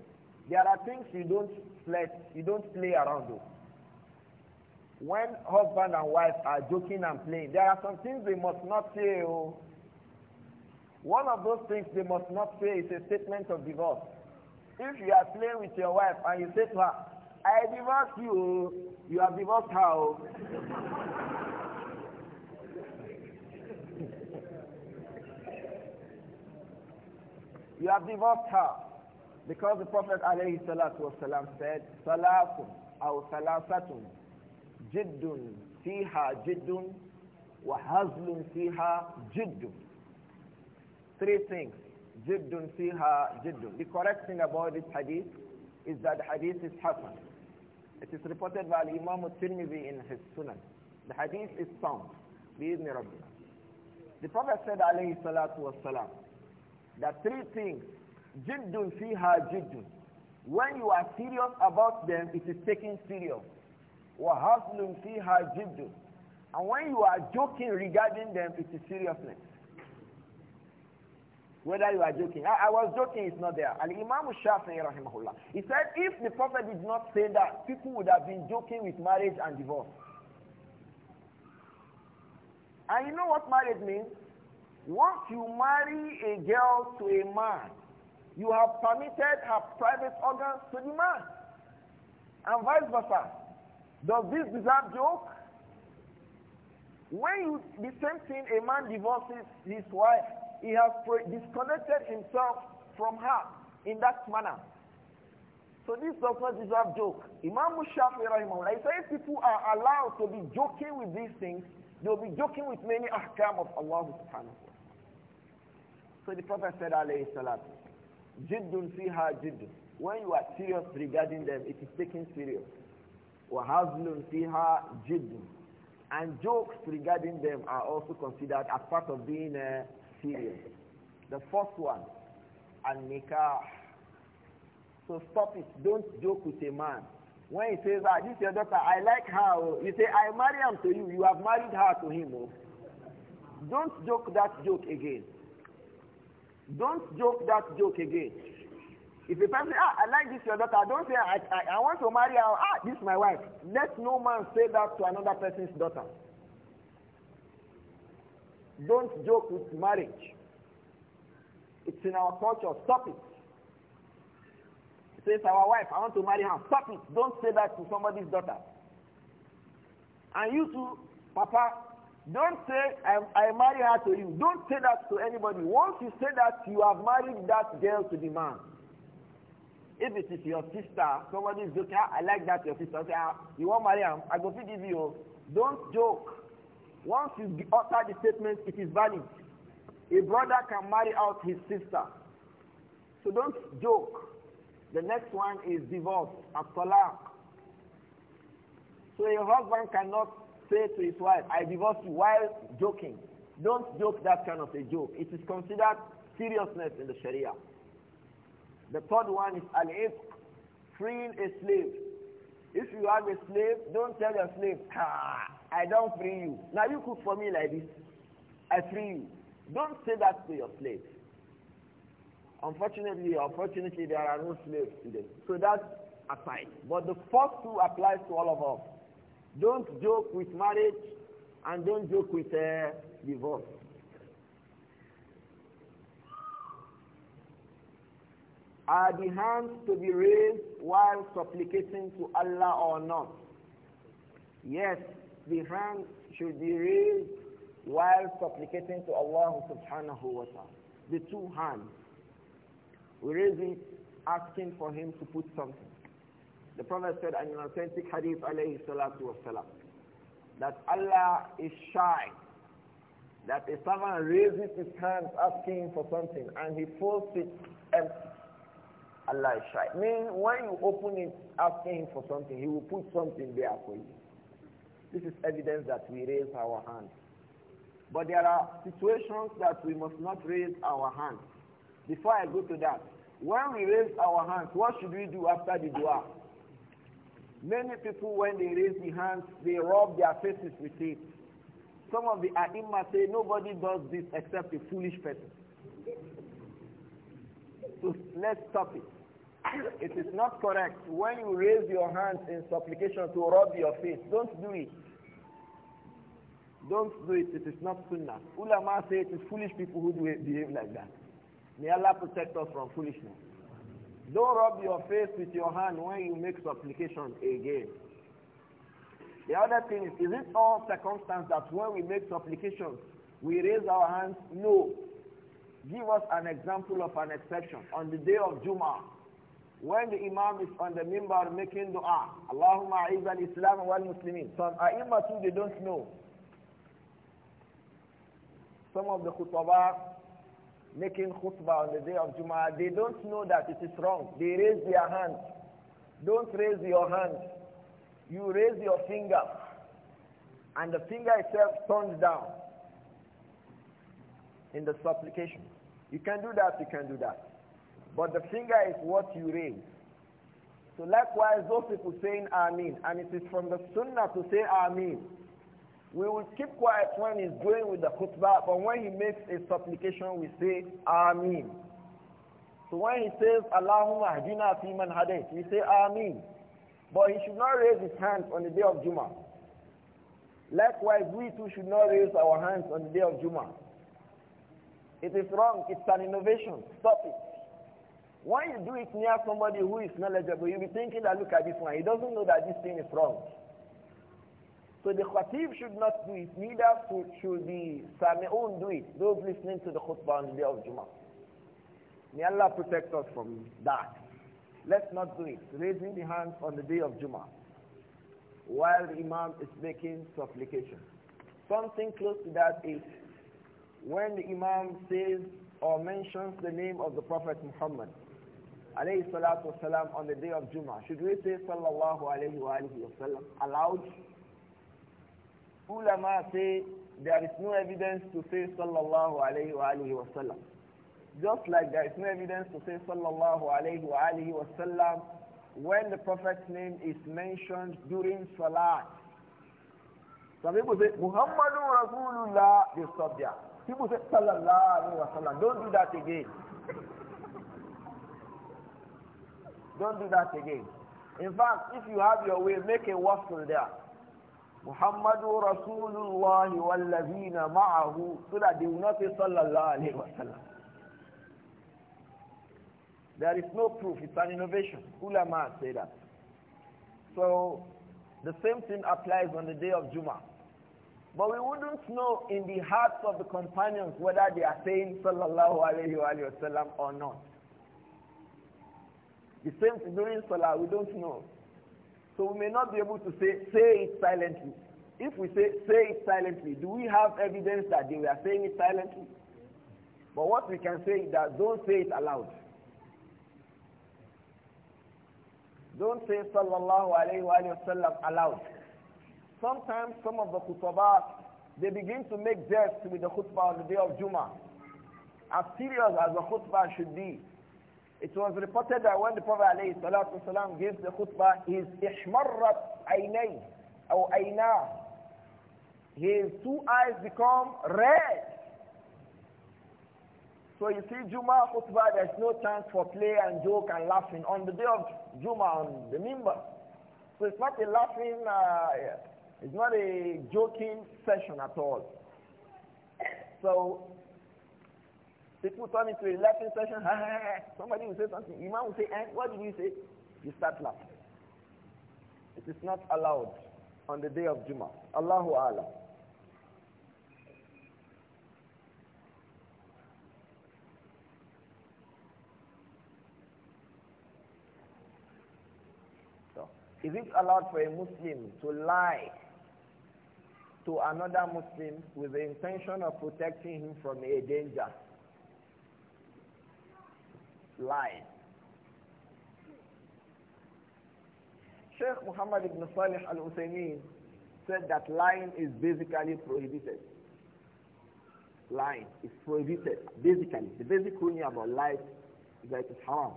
There are things you don't flirt, you don't play around with. When husband and wife are joking and playing, there are some things they must not say. Oh. One of those things they must not say is a statement of divorce. If you are playing with your wife and you say to her, I divorced you, you have divorced how? Oh. you have divorced her. Because the Prophet alayhi salatu wasalam said, Salafun aw salasatun jiddun fiha jiddun wa hazlun fiha jiddun. Three things. Jiddun fiha jiddun. The correct thing about this hadith is that the hadith is hasan. It is reported by Imam al-Tirmidhi in his Sunan. The hadith is sound. بإذن ربنا. The Prophet said عليه الصلاة والسلام that three things jidun fiha jiddun. When you are serious about them, it is taken serious. وَحَصْلٌ fiha jiddun. And when you are joking regarding them, it is seriousness whether you are joking. I, I was joking, it's not there. And Imam Shafi'i rahimahullah. He said, if the Prophet did not say that, people would have been joking with marriage and divorce. And you know what marriage means? Once you marry a girl to a man, you have permitted her private organs to the man. And vice versa. Does this deserve joke? When you, the same thing, a man divorces his wife, he has disconnected himself from her in that manner. So this does not deserve joke. Imam Shafi Rahimahullah, if says people are allowed to be joking with these things, they'll be joking with many ahkam of Allah subhanahu wa So the Prophet said, alayhi salatu, jiddun fiha jiddun. When you are serious regarding them, it is taken serious. وَهَزْلٌ فِيهَا جِدٌّ And jokes regarding them are also considered as part of being a uh, the first one, and nikah. So stop it. Don't joke with a man. When he says, ah, this is your daughter, I like her. Oh, you say, I marry him to you. You have married her to him. Oh. Don't joke that joke again. Don't joke that joke again. If a person ah, I like this your daughter, don't say, I, I, I want to marry her. Ah, this is my wife. Let no man say that to another person's daughter. Don't joke with marriage. It's in our culture. Stop it. Says our wife, I want to marry her. Stop it. Don't say that to somebody's daughter. And you too, Papa, don't say, I, I marry her to you. Don't say that to anybody. Once you say that, you have married that girl to the man. If it is your sister, somebody is joking, ah, I like that your sister. Say, ah, you want marry her? I go to give you. Don't joke. Once you utter the statement, it is valid. A brother can marry out his sister. So don't joke. The next one is divorce, at talaq. So a husband cannot say to his wife, I divorce you while joking. Don't joke that kind of a joke. It is considered seriousness in the Sharia. The third one is al freeing a slave. If you have a slave, don't tell your slave, ah, I don't free you. Now you cook for me like this. I free you. Don't say that to your slave. Unfortunately, unfortunately, there are no slaves today. So that's aside. But the first two applies to all of us. Don't joke with marriage and don't joke with uh, divorce. Are the hands to be raised while supplicating to Allah or not? Yes, the hand should be raised while supplicating to Allah subhanahu wa ta'ala. The two hands. We raise it asking for him to put something. The Prophet said in an authentic hadith alayhi salatu wasalam that Allah is shy. That a servant raises his hands asking for something and he folds it empty. Allah is shy. Meaning when you open it asking for something, he will put something there for you. This is evidence that we raise our hands. But there are situations that we must not raise our hands. Before I go to that, when we raise our hands, what should we do after the dua? Many people, when they raise the hands, they rub their faces with it. Some of the Aimma say nobody does this except a foolish person. So let's stop it. It is not correct. When you raise your hands in supplication to rub your face, don't do it. Don't do it. It is not sunnah. Ulama say it is foolish people who do it, behave like that. May Allah protect us from foolishness. Don't rub your face with your hand when you make supplication again. The other thing is, is it all circumstance that when we make supplications, we raise our hands? No. Give us an example of an exception. On the day of Jummah, when the imam is on the mimbar making dua, Allahumma a'iz al-Islam wal-Muslimin. Some ai they don't know. Some of the khutbah making khutbah on the day of Jum'ah, they don't know that it is wrong. They raise their hand. Don't raise your hand. You raise your finger. And the finger itself turns down in the supplication. You can do that, you can do that. But the finger is what you raise. So likewise, those people saying Ameen, and it is from the Sunnah to say Ameen. We will keep quiet when he's going with the khutbah, but when he makes a supplication, we say, Ameen. So when he says, Allahumma hadina fi man hadith, we say, Ameen. But he should not raise his hands on the day of Juma. Likewise, we too should not raise our hands on the day of Juma. It is wrong. It's an innovation. Stop it. When you do it near somebody who is knowledgeable, you'll be thinking that, look at this one. He doesn't know that this thing is wrong. So the khatib should not do it, neither should the sami'un do it, those listening to the khutbah on the day of Jummah. May Allah protect us from that. Let's not do it, raising the hands on the day of Jummah while the imam is making supplication. Something close to that is when the imam says or mentions the name of the Prophet Muhammad alayhi salatu wasalam on the day of Jummah, should we say sallallahu alayhi wa alihi wasallam aloud? Ulama say there is no evidence to say sallallahu alayhi wa alihi wa sallam. Just like there is no evidence to say sallallahu alayhi wa alihi wa sallam when the Prophet's name is mentioned during salat. Some people say Muhammadun Rasulullah, they stop there. People say sallallahu alayhi wa sallam. Don't do that again. Don't do that again. In fact, if you have your way, make a waffle there. There is no proof. It's an innovation. Ulama say that. So the same thing applies on the day of Jummah. But we wouldn't know in the hearts of the companions whether they are saying sallallahu alayhi wa, sallam or not. The same during Salah, we don't know. So we may not be able to say, say it silently. If we say, say it silently, do we have evidence that they were saying it silently? But what we can say is that don't say it aloud. Don't say sallallahu alayhi wa, sallam aloud. Sometimes some of the khutbah, they begin to make jests with the khutbah on the day of Jummah. As serious as the khutbah should be, it was reported that when the Prophet والسلام, gives the khutbah, his ihmarrat aynay, or ayna, his two eyes become red. So you see, Juma khutbah, there's no chance for play and joke and laughing on the day of Juma on the mimbar. So it's not a laughing, uh, it's not a joking session at all. So People turn into a laughing session. Somebody will say something. Imam will say, eh, what did you say? You start laughing. It is not allowed on the day of Jummah. Allahu Allah. So, is it allowed for a Muslim to lie to another Muslim with the intention of protecting him from a danger? Lying. Sheikh Muhammad ibn Salih al Uthaymeen said that lying is basically prohibited. Lying is prohibited, basically. The basic ruling about lies is that it is haram.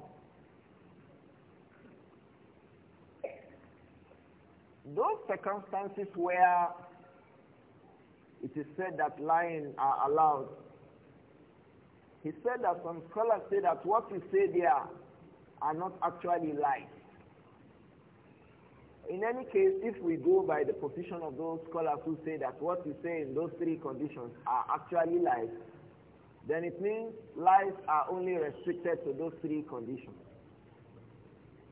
Those circumstances where it is said that lying are allowed he said that some scholars say that what we say there are not actually lies. In any case, if we go by the position of those scholars who say that what we say in those three conditions are actually lies, then it means lies are only restricted to those three conditions.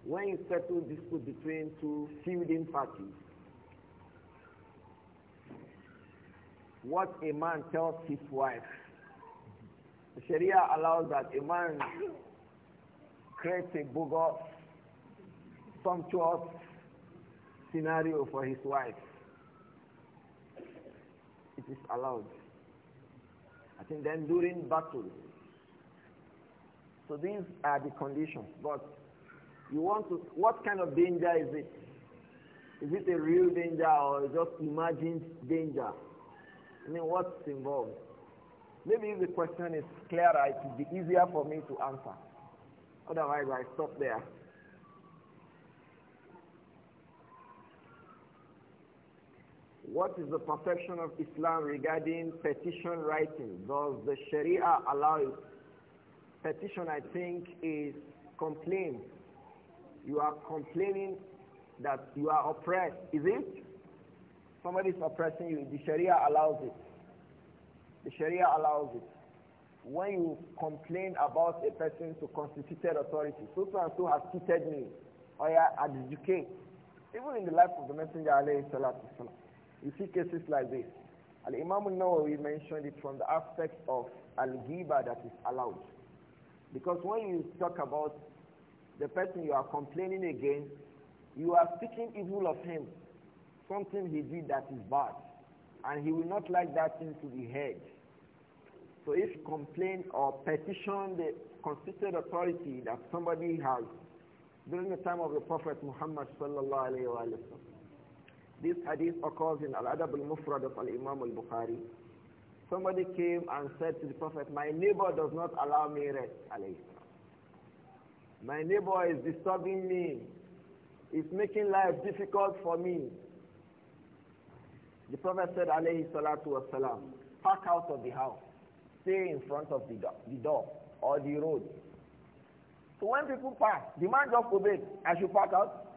When you settle dispute between two feuding parties, what a man tells his wife the Sharia allows that a man creates a bogus, sumptuous scenario for his wife. It is allowed. I think then during battle. So these are the conditions. But you want to, what kind of danger is it? Is it a real danger or just imagined danger? I mean, what's involved? Maybe if the question is clearer, it will be easier for me to answer. Otherwise, I stop there. What is the perception of Islam regarding petition writing? Does the Sharia allow it? Petition, I think, is complaint. You are complaining that you are oppressed, is it? Somebody is oppressing you. The Sharia allows it. The Sharia allows it. When you complain about a person to constituted authority, so and so has cheated me, or I adjudicate. Even in the life of the Messenger, alayhi you see cases like this. Al-Imam al-Nawawi mentioned it from the aspect of al-ghiba that is allowed. Because when you talk about the person you are complaining against, you are speaking evil of him, something he did that is bad, and he will not like that thing to be heard. So if complaint or petition the constituted authority that somebody has during the time of the Prophet Muhammad sallallahu alayhi wa This hadith occurs in Al-Adab al-Mufrad of Al-Imam al-Bukhari. Somebody came and said to the Prophet, my neighbor does not allow me rest, alayhi My neighbor is disturbing me. It's making life difficult for me. The Prophet said, alayhi salatu salam, pack out of the house stay in front of the door, the door or the road. So when people pass, the man just obeyed. I should park out.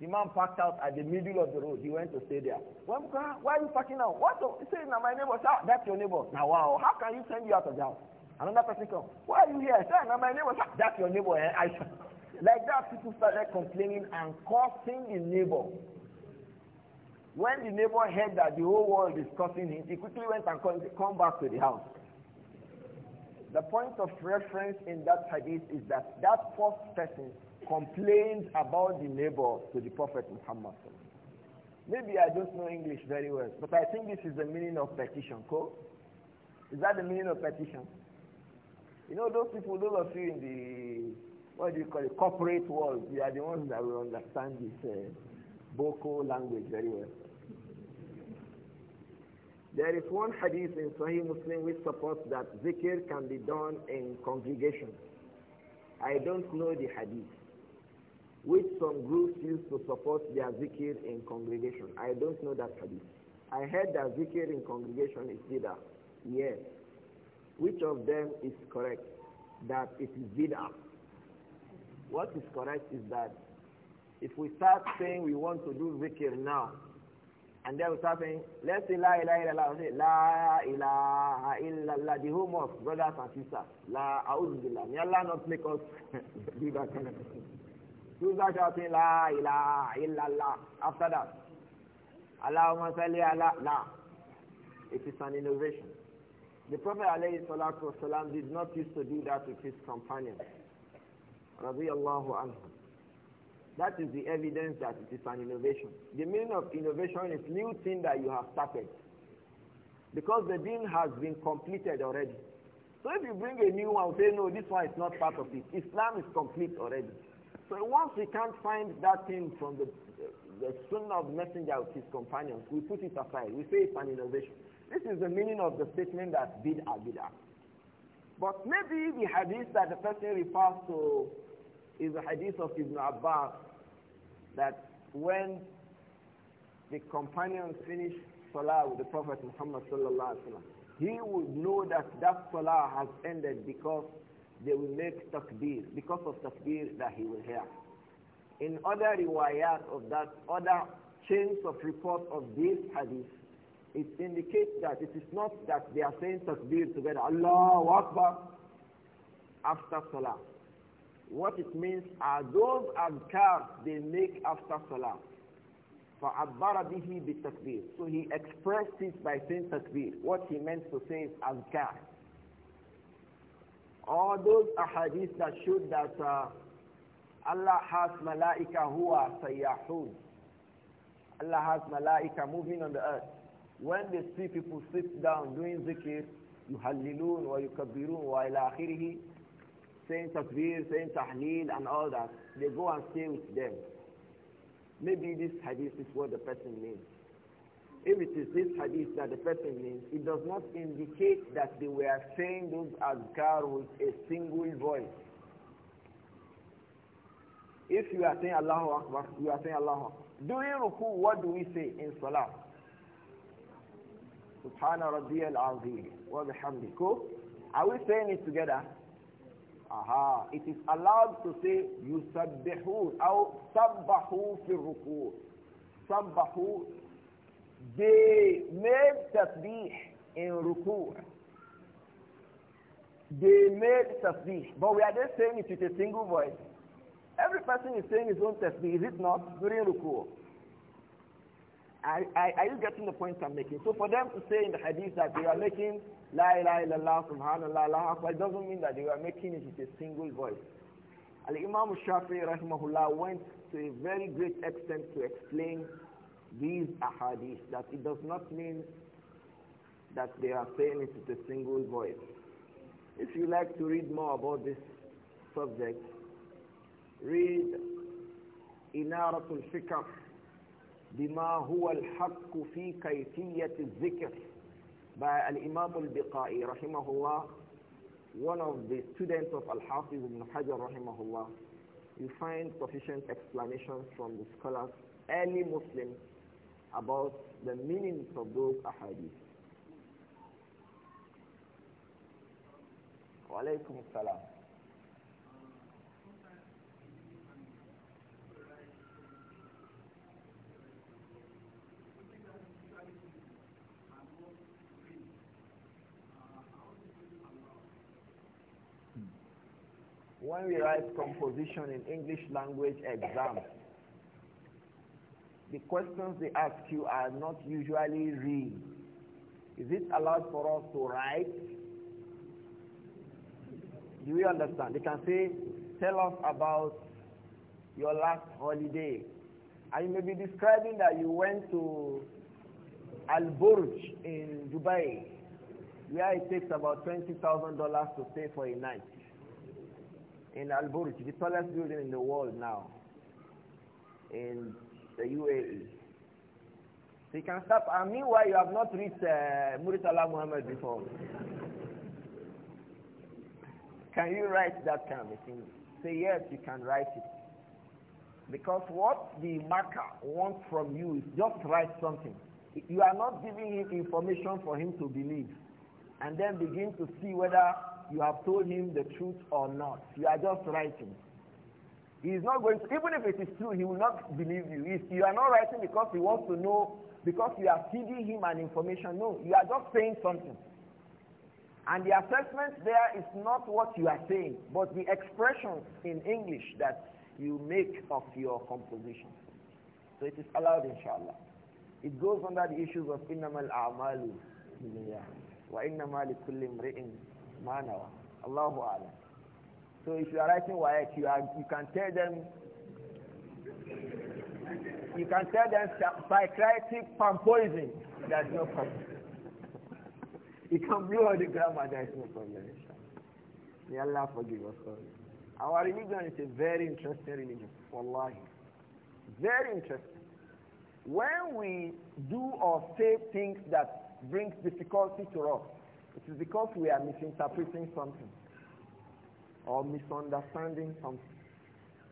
The man parked out at the middle of the road. He went to stay there. When, why are you parking out? What? He said, now my neighbor. Sir, that's your neighbor. Now, wow, how can you send you out of the house? Another person come. Why are you here? Sir, now my neighbor. Sir, that's your neighbor. Eh? I, [laughs] like that, people started complaining and cursing the neighbor. When the neighbor heard that the whole world is cursing him, he quickly went and come back to the house. The point of reference in that hadith is that that first person complained about the neighbor to the Prophet Muhammad. Maybe I don't know English very well, but I think this is the meaning of petition. Co? Is that the meaning of petition? You know those people, those of you in the, what do you call it, corporate world, you are the ones that will understand this uh, Boko language very well. There is one hadith in Sahih Muslim which supports that zikr can be done in congregation. I don't know the hadith, which some groups use to support their zikr in congregation. I don't know that hadith. I heard that zikr in congregation is bid'ah. Yes. Which of them is correct? That it is bid'ah. What is correct is that if we start saying we want to do zikr now, and then we start saying, let's say La ilaha illallah. Say, La ilaha illallah. The home of brothers and sisters. La auzubillah. May Allah not make us [laughs] do that kind of thing. start shouting La ilaha illallah. After that, Allahumma salli ala La. It is an innovation. The Prophet ﷺ did not used to do that with his companions. رضي الله عنهم that is the evidence that it is an innovation. The meaning of innovation is new thing that you have started. Because the deal has been completed already. So if you bring a new one, say, no, this one is not part of it. Islam is complete already. So once we can't find that thing from the, the sunnah of the messenger with his companions, we put it aside. We say it's an innovation. This is the meaning of the statement that bid'ah bid'ah. But maybe the hadith that the person refers to is the hadith of Ibn Abbas that when the companions finished salah with the Prophet Muhammad sallallahu alaihi wasallam, he would know that that salah has ended because they will make takbir, because of takbir that he will hear. In other riwayat of that, other chains of report of this hadith, it indicates that it is not that they are saying takbir together, Allah Akbar, after salah. What it means are those adhkar they make after salah. فَعَبَّرَ بِهِ بِالتَّكْبِيرِ So he expressed it by saying takbir. What he meant to say is adhkar. All those ahadith that show that uh, Allah has malaika who are sayyahun. Allah has malaika moving on the earth. When they see people sit down doing zikr, يحللون وَيُكَبِّرُونَ وَإِلَى آخِرِهِ saying takbir, saying tahleel and all that, they go and stay with them. Maybe this hadith is what the person means. If it is this hadith that the person means, it does not indicate that they were saying those azkar with a single voice. If you are saying Allahu Akbar, you are saying Allahu Akbar. During ruku, what do we say in salah? Subhana rabbiyal azim wa bihamdihi. Are we saying it together? Aha, it is allowed to say yusabbihun or sabbahu fi ruku. Sabbahu, they made tasbih in ruku. They made tasbih, but we are just saying it with a single voice. Every person is saying his own tasbih, is it not? During ruku. Are, are, you getting the point I'm making? So for them to say in the hadith that they are making La ilaha illallah subhanallah Allah Akbar, it doesn't mean that they are making it with a single voice. Al-Imam Shafi'i rahimahullah went to a very great extent to explain these ahadith, that it does not mean that they are saying it with a single voice. If you like to read more about this subject, read Inaratul Fikr بما هو الحق في كيفية الذكر by الإمام imam Al-Biqai one of the students of Al-Hafiz Ibn Hajar الله you find sufficient explanations from the scholars early Muslims about the meanings of those ahadith وعليكم السلام when we write composition in English language exam, the questions they ask you are not usually real. Is it allowed for us to write? Do we understand? They can say, tell us about your last holiday. And you may be describing that you went to Al Burj in Dubai, where it takes about $20,000 to stay for a night in Al Burj, the tallest building in the world now, in the UAE. So you can stop. And meanwhile, you have not reached uh, Muhammad before. can you write that kind of thing? Say yes, you can write it. Because what the marker wants from you is just write something. You are not giving him information for him to believe and then begin to see whether you have told him the truth or not. You are just writing. He is not going to, even if it is true, he will not believe you. If you are not writing because he wants to know, because you are feeding him an information, no, you are just saying something. And the assessment there is not what you are saying, but the expression in English that you make of your composition. So it is allowed, inshallah. It goes under the issues of innamal a'malu wa innamal kulli Manawa. Allahu Alam. So if you are writing Wa'at, you, are, you can tell them, you can tell them psychiatric pampoising. There is no problem. you can blow on the grammar, There is no problem. May Allah forgive us all. Our religion is a very interesting religion. Wallahi. Very interesting. When we do or say things that brings difficulty to us, it is because we are misinterpreting something or misunderstanding something.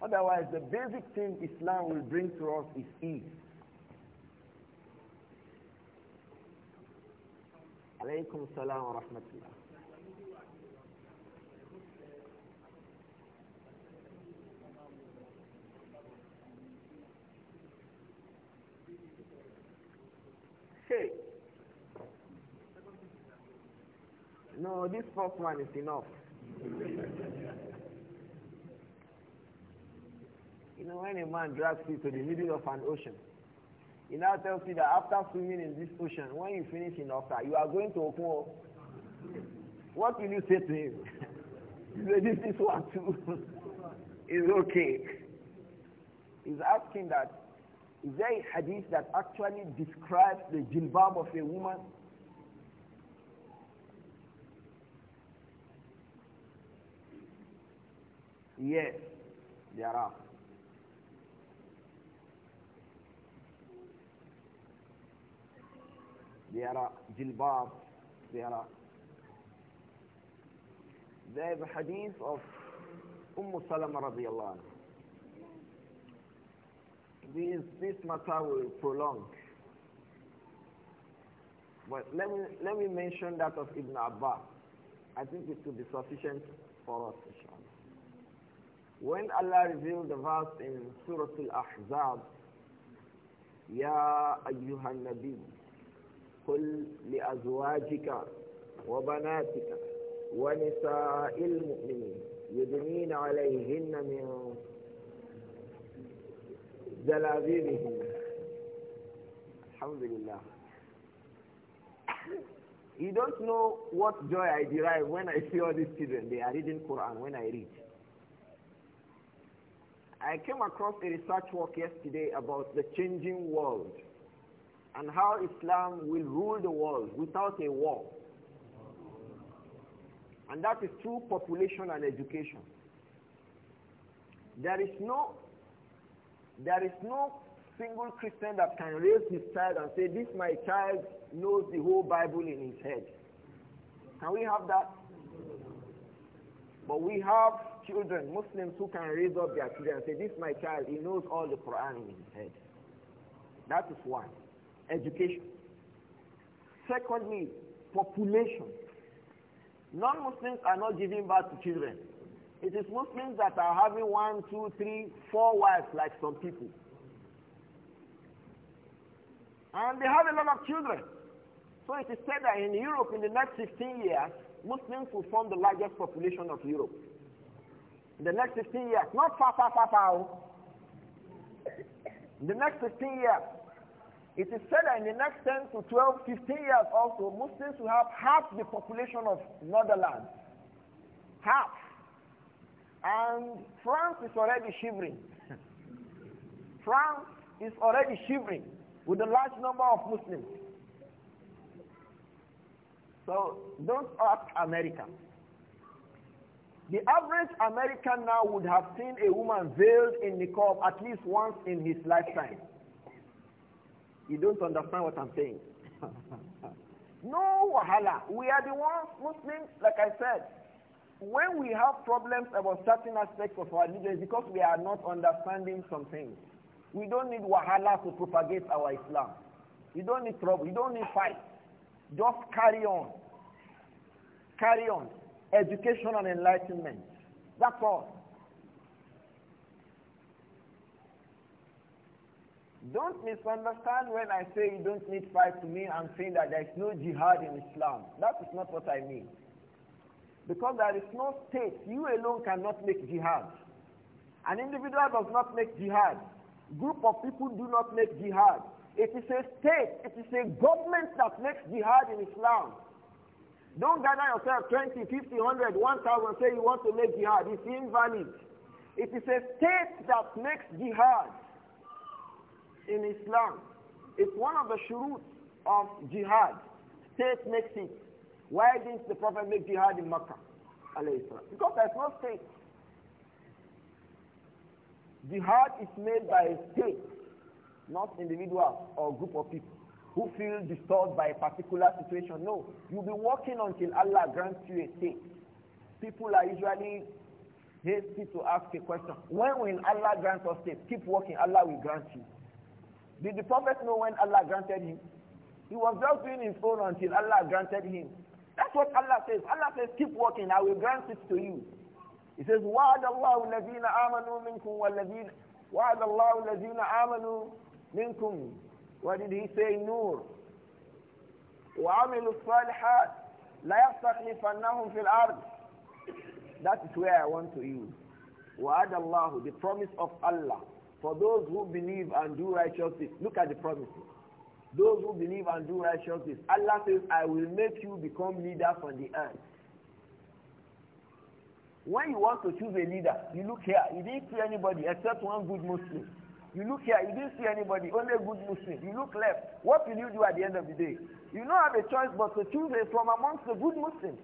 Otherwise, the basic thing Islam will bring to us is ease. Alaykum salam wa rahmatullah. first one is enough. you know, when a man drags you to the middle of an ocean, he now tells you that after swimming in this ocean, when you finish in Osa, you are going to Okuo. What will you say to him? he [laughs] this is one too. [laughs] it's okay. He's asking that, is there a hadith that actually describes the jilbab of a woman? Yes, there are. There are jilbab, there are. There is a hadith of Umm Salama radiallahu anha. This, this matter will prolong. But let me, let me mention that of Ibn Abbas. I think it will be sufficient for us, inshallah. When Allah revealed the verse in Surah Al-Ahzab, يا أيها النبي قل لأزواجك وبناتك ونساء المؤمنين يدنين عليهن من جلابيبهن الحمد لله You don't know what joy I derive when I see all these children. They are reading Quran when I read. I came across a research work yesterday about the changing world and how Islam will rule the world without a war. And that is through population and education. There is no there is no single Christian that can raise his child and say, This my child knows the whole Bible in his head. Can we have that? But we have children, Muslims who can raise up their children and say, this is my child, he knows all the Quran in his head. That is one. Education. Secondly, population. Non-Muslims are not giving birth to children. It is Muslims that are having one, two, three, four wives like some people. And they have a lot of children. So it is said that in Europe in the next 15 years, Muslims will form the largest population of Europe. In the next 15 years, not far, far, far, far. In oh. the next 15 years, it is said that in the next 10 to 12, 15 years also, Muslims will have half the population of Netherlands. Half. And France is already shivering. [laughs] France is already shivering with a large number of Muslims. So don't ask America. The average American now would have seen a woman veiled in niqab at least once in his lifetime. You don't understand what I'm saying. [laughs] no wahala. We are the ones, Muslims, like I said, when we have problems about certain aspects of our religion, it's because we are not understanding some things. We don't need wahala to propagate our Islam. You don't need trouble. You don't need fight. Just carry on. Carry on education and enlightenment. That's all. Don't misunderstand when I say you don't need fight to me, I'm saying that there is no jihad in Islam. That is not what I mean. Because there is no state, you alone cannot make jihad. An individual does not make jihad. Group of people do not make jihad. It is a state, it is a government that makes jihad in Islam. Don't gather yourself 20, 50, 100, 1,000, say you want to make jihad. It's invalid. It is a state that makes jihad in Islam. It's one of the shurut of jihad. State makes it. Why didn't the Prophet make jihad in Makkah? Because there's no state. Jihad is made by a state, not individuals or group of people who feel disturbed by a particular situation. No, you'll be working until Allah grants you a state. People are usually hasty to ask a question. When will Allah grant us state? Keep working, Allah will grant you. Did the Prophet know when Allah granted him? He was just doing his own until Allah granted him. That's what Allah says. Allah says, keep working, I will grant it to you. He says, وَعَدَ اللَّهُ الَّذِينَ آمَنُوا مِنكُمْ وَالَّذِينَ وَعَدَ اللَّهُ الَّذِينَ آمَنُوا مِنكُمْ what did he say? Nur. وَعَمِلُوا الصَّالِحَاتِ لَا يَسْتَخْلِفَنَّهُمْ فِي الْأَرْضِ That is where I want to use. وَعَدَ اللَّهُ The promise of Allah. For those who believe and do righteousness, look at the promises. Those who believe and do righteousness, Allah says, I will make you become leaders from the earth. When you want to choose a leader, you look here. You didn't see anybody except one good Muslim. You look here, you didn't see anybody, only a good Muslim. You look left. What will you do at the end of the day? You don't have a choice but to choose from amongst the good Muslims.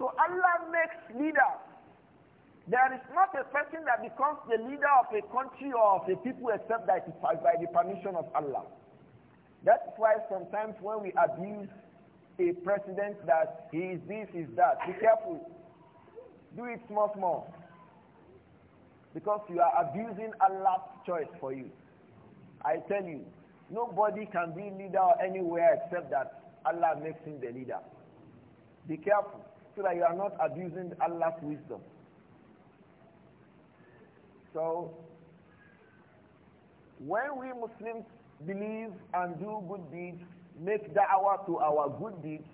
So Allah makes leaders. There is not a person that becomes the leader of a country or of a people except that it is by the permission of Allah. That's why sometimes when we abuse a president that he is this, is that, be careful. Do it small, small because you are abusing Allah's choice for you. I tell you, nobody can be leader anywhere except that Allah makes him the leader. Be careful so that you are not abusing Allah's wisdom. So, when we Muslims believe and do good deeds, make da'wah to our good deeds,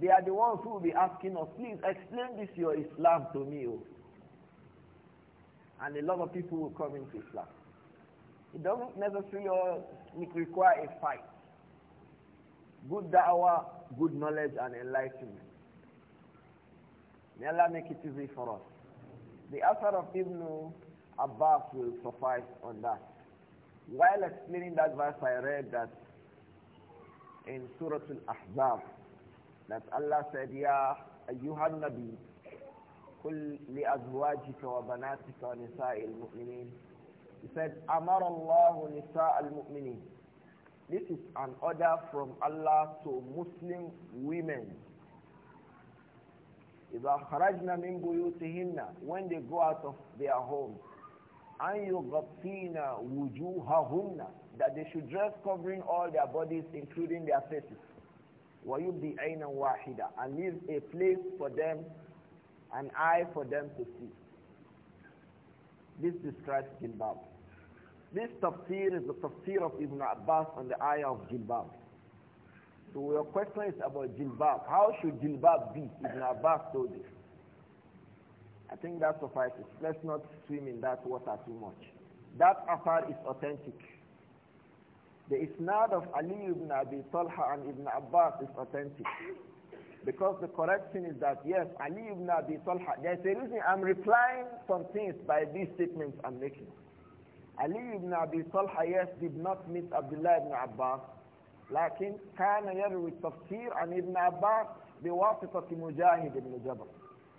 they are the ones who will be asking us, please explain this your Islam to me. Oh and a lot of people will come into Islam. It doesn't necessarily require a fight. Good da'wah, good knowledge and enlightenment. May Allah make it easy for us. The answer of Ibn Abbas will suffice on that. While explaining that verse, I read that in Surah Al-Ahzab, that Allah said, Ya ayyuhan nabi, قل لأزواجك وبناتك ونساء المؤمنين He said, أمر الله نساء المؤمنين This is an order from Allah to Muslim women. إذا خرجنا من بيوتهن when they go out of their homes أن يغطين وجوههن that they should dress covering all their bodies including their faces ويبدي عينا واحدة and leave a place for them an eye for them to see. This describes Jilbab. This tafsir is the tafsir of Ibn Abbas on the eye of Jilbab. So your question is about Jilbab. How should Jilbab be? Ibn Abbas told it. I think that suffices. Let's not swim in that water too much. That affair is authentic. The isnad of Ali ibn Abi Talha and Ibn Abbas is authentic. Because the correct thing is that, yes, Ali ibn Abi Talha, there's a reason I'm replying some things by these statements I'm making. Ali ibn Abi Talha, yes, did not meet Abdullah ibn Abbas, لكن كان يروي التفسير عن ابن عباس بواسطة مجاهد بن جبر.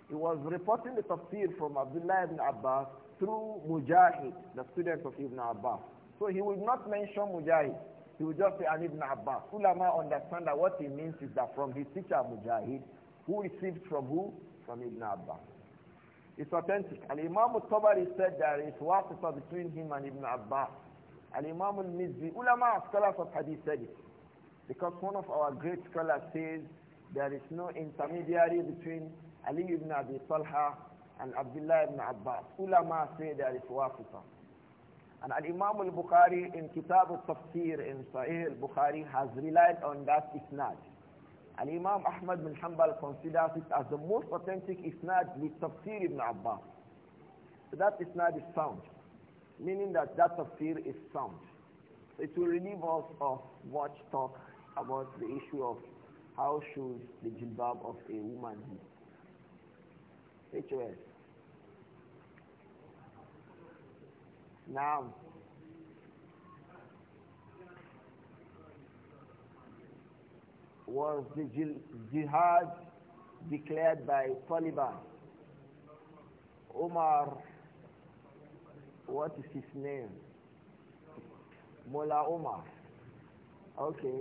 He was reporting the tafsir from Abdullah ibn Abbas through Mujahid, the student of Ibn Abbas. So he would not mention Mujahid he will just say an Ibn Abbas. Ulama understand that what he means is that from his teacher Mujahid, who received from who? From Ibn Abbas. It's authentic. And Imam al-Tabari said there is wasita between him and Ibn Abbas. And Imam al-Mizzi, ulama scholars of hadith said it. Because one of our great scholars says there is no intermediary between Ali ibn Abi Talha and Abdullah ibn Abbas. Ulama say there is wasita. And imam al-Bukhari in Kitab al-Tafsir in Sahih al-Bukhari has relied on that isnad. And imam Ahmad bin Hanbal considers it as the most authentic isnad with Tafsir ibn Abbas. So that isnad is sound, meaning that that Tafsir is sound. So it will relieve us of much talk about the issue of how should the jilbab of a woman be. HOS. نعم was the jihad declared by Taliban. Omar, what is his name? Mullah Omar. Okay.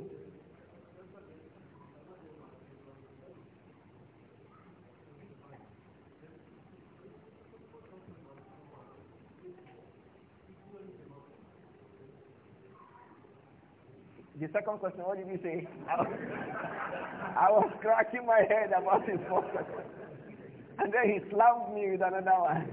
The second question, what did you say? I was cracking my head about his question. And then he slammed me with another one.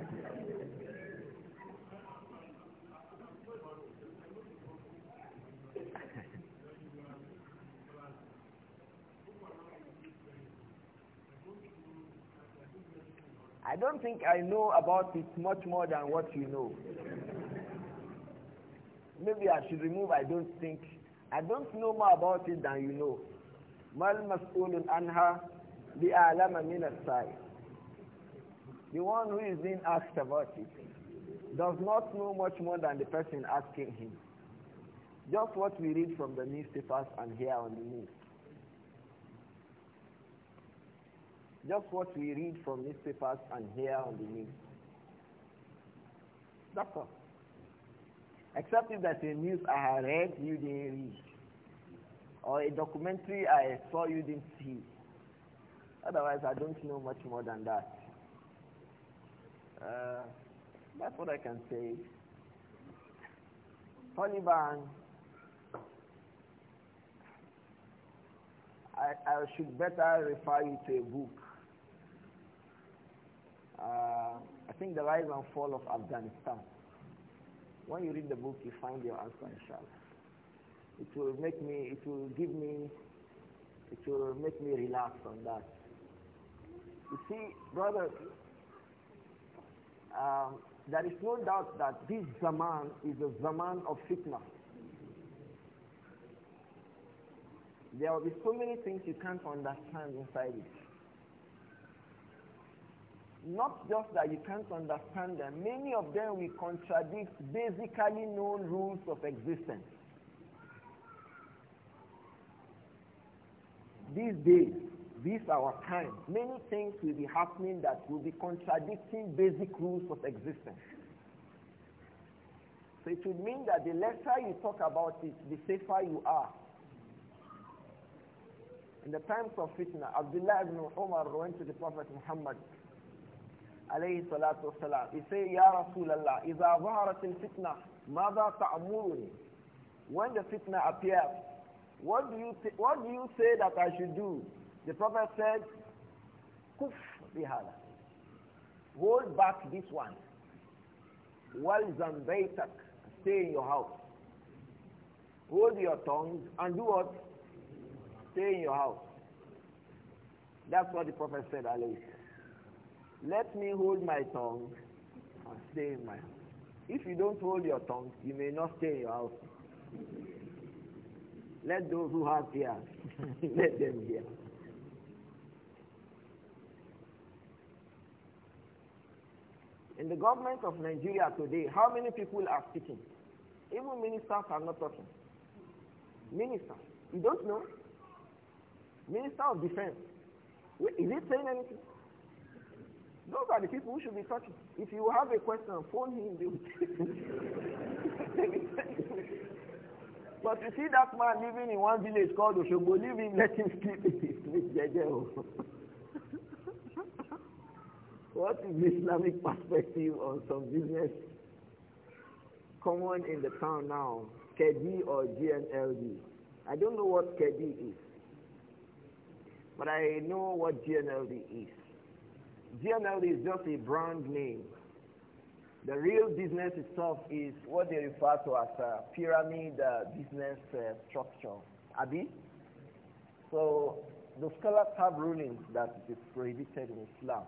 I don't think I know about it much more than what you know. Maybe I should remove I don't think I don't know more about it than you know. Mal mas'ulun anha bi'alama min as-sa'i. The one who is being asked about it does not know much more than the person asking him. Just what we read from the newspapers and hear on the news. Just what we read from newspapers and hear on the news. That's all. Except if there's a news I read, you didn't read. Or a documentary I saw, you didn't see. Otherwise, I don't know much more than that. Uh, that's what I can say. Taliban, I, I should better refer you to a book. Uh, I think The Rise and Fall of Afghanistan. When you read the book, you find your answer, inshallah. It will make me, it will give me, it will make me relax on that. You see, brother. um, there is no doubt that this zaman is a zaman of fitna. There will be so many things you can't understand inside it. Not just that you can't understand them, many of them will contradict basically known rules of existence. These days, these our times, many things will be happening that will be contradicting basic rules of existence. So it would mean that the lesser you talk about it, the safer you are. In the times of fitna, Abdullah ibn Umar went to the Prophet Muhammad alayhi salatu wasalam. He say, Ya Rasulallah, إِذَا ظَهَرَتِ الْفِتْنَةِ مَاذَا تَعْمُرُنِ When the fitna appears, what do you, what do you say that I should do? The Prophet said, كُفْ بِهَذَا Hold back this one. وَالْزَمْ بَيْتَكَ Stay in your house. Hold your tongue and do what? Stay in your house. That's what the Prophet said, alayhi let me hold my tongue and stay in my house. If you don't hold your tongue, you may not stay in your house. Let those who have ears, [laughs] let them hear. In the government of Nigeria today, how many people are speaking? Even ministers are not talking. Minister, you don't know? Minister of Defense, is he saying anything? Those are the people who should be touching. If you have a question, phone him. [laughs] but you see that man living in one village called Oshogbo, leave him, let him sleep in his [laughs] what is the Islamic perspective on some business common in the town now? KD or GNLD? I don't know what KD is, but I know what GNLD is. GML is just a brand name. The real business itself is what they refer to as a uh, pyramid uh, business uh, structure. Abi? So the scholars have rulings that it is prohibited in Islam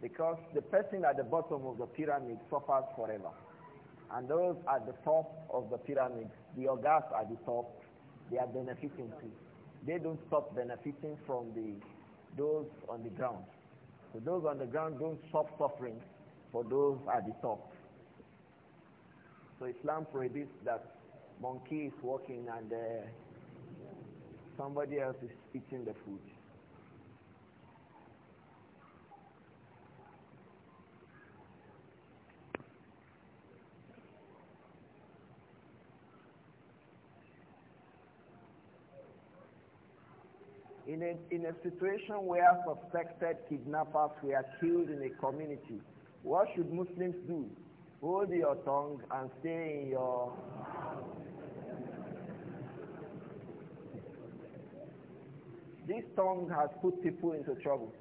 because the person at the bottom of the pyramid suffers forever. And those at the top of the pyramid, the august at the top, they are benefiting too. They don't stop benefiting from the those on the ground those on the ground don't stop suffering for those at the top. So Islam prohibits that monkey is walking and uh, somebody else is eating the food. in a, in a situation where suspected kidnappers were killed in a community, what should Muslims do? Hold your tongue and stay in your... This tongue has put people into trouble.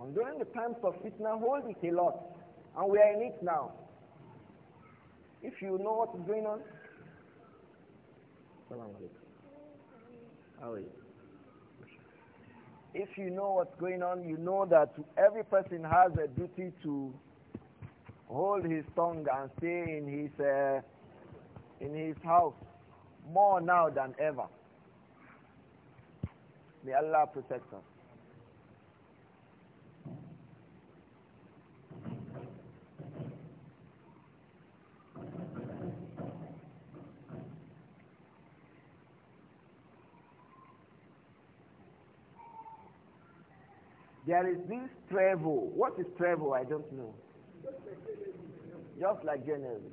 And during the times of fitna, hold it a lot. And we are in it now. If you know what is going on, How are you? if you know what's going on, you know that every person has a duty to hold his tongue and stay in his uh, in his house more now than ever. May Allah protect us. There is this travel. What is travel? I don't know. Just like journalism.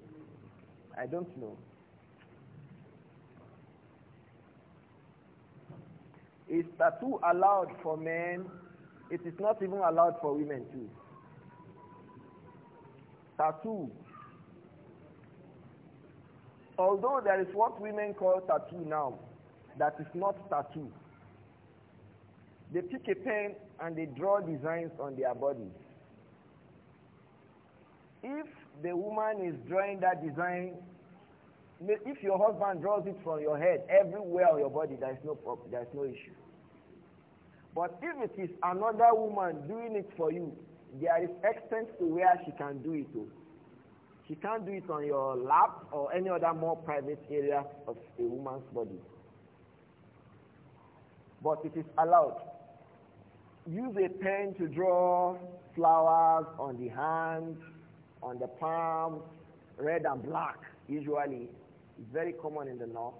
I don't know. Is tattoo allowed for men? It is not even allowed for women too. Tattoo. Although there is what women call tattoo now, that is not tattoo. They pick a pen and they draw designs on their bodies. If the woman is drawing that design, if your husband draws it from your head, everywhere on your body, there is no problem, there is no issue. But if it is another woman doing it for you, there is extent to where she can do it oh. She can't do it on your lap or any other more private area of a woman's body. But it is allowed use a pen to draw flowers on the hands, on the palms, red and black usually. It's very common in the north.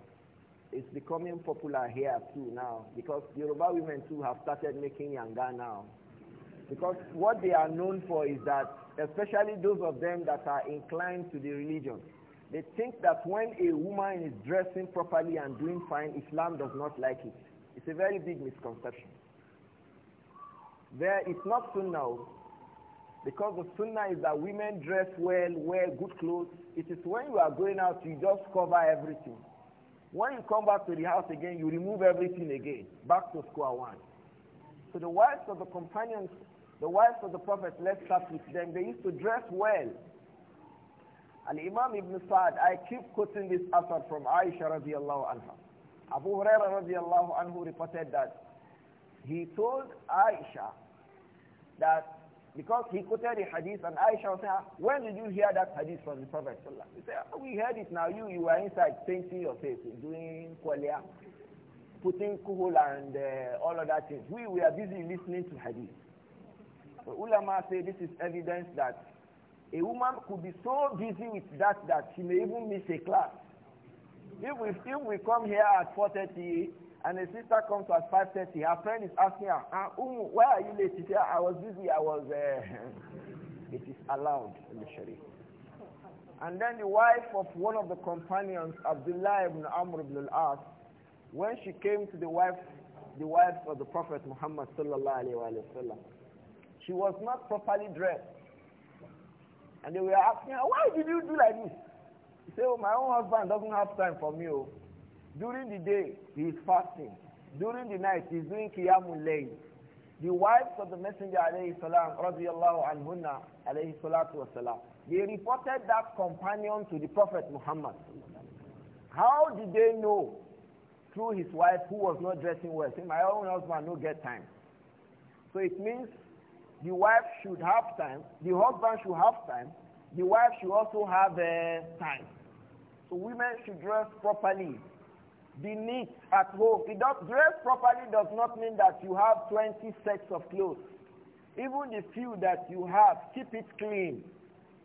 It's becoming popular here too now because Yoruba women too have started making yanga now. Because what they are known for is that, especially those of them that are inclined to the religion, they think that when a woman is dressing properly and doing fine, Islam does not like it. It's a very big misconception. There is not sunnah oh. because the sunnah is that women dress well, wear good clothes. It is when you are going out, you just cover everything. When you come back to the house again, you remove everything again, back to square one. So the wives of the companions, the wives of the Prophet, let's start with them. They used to dress well. And Imam Ibn Sa'd, I keep quoting this asar from Aisha radiallahu anha. Abu Huraira radiallahu anhu reported that he told Aisha that because he quoted the hadith and Aisha was saying, when did you hear that hadith from the Prophet? He said, oh, we heard it now. You, you were inside painting your face, doing kwalia, putting kuhul and uh, all of that things. We were busy listening to hadith. So ulama say this is evidence that a woman could be so busy with that that she may even miss a class. If we, if we come here at 4.30 and a sister comes at 5.30. Her friend is asking her, ah, why are you late? She said, ah, I was busy, I was... Uh, [laughs] it is allowed in the Sharia. And then the wife of one of the companions, Abdullah ibn Amr ibn al-As, when she came to the wife, the wife of the Prophet Muhammad sallallahu alayhi wa she was not properly dressed. And they were asking her, why did you do like this? She said, well, oh, my own husband doesn't have time for me. Oh. During the day, he is fasting. During the night, he is doing qiyamul layl. The wives of the Messenger alayhi salam, radiallahu anhunna alayhi salatu wasalam, they reported that companion to the Prophet Muhammad. How did they know? Through his wife who was not dressing well. Say, my own husband no get time. So it means the wife should have time, the husband should have time, the wife should also have uh, time. So women should dress properly be neat at home. It does, dress properly does not mean that you have 20 sets of clothes. Even the few that you have, keep it clean.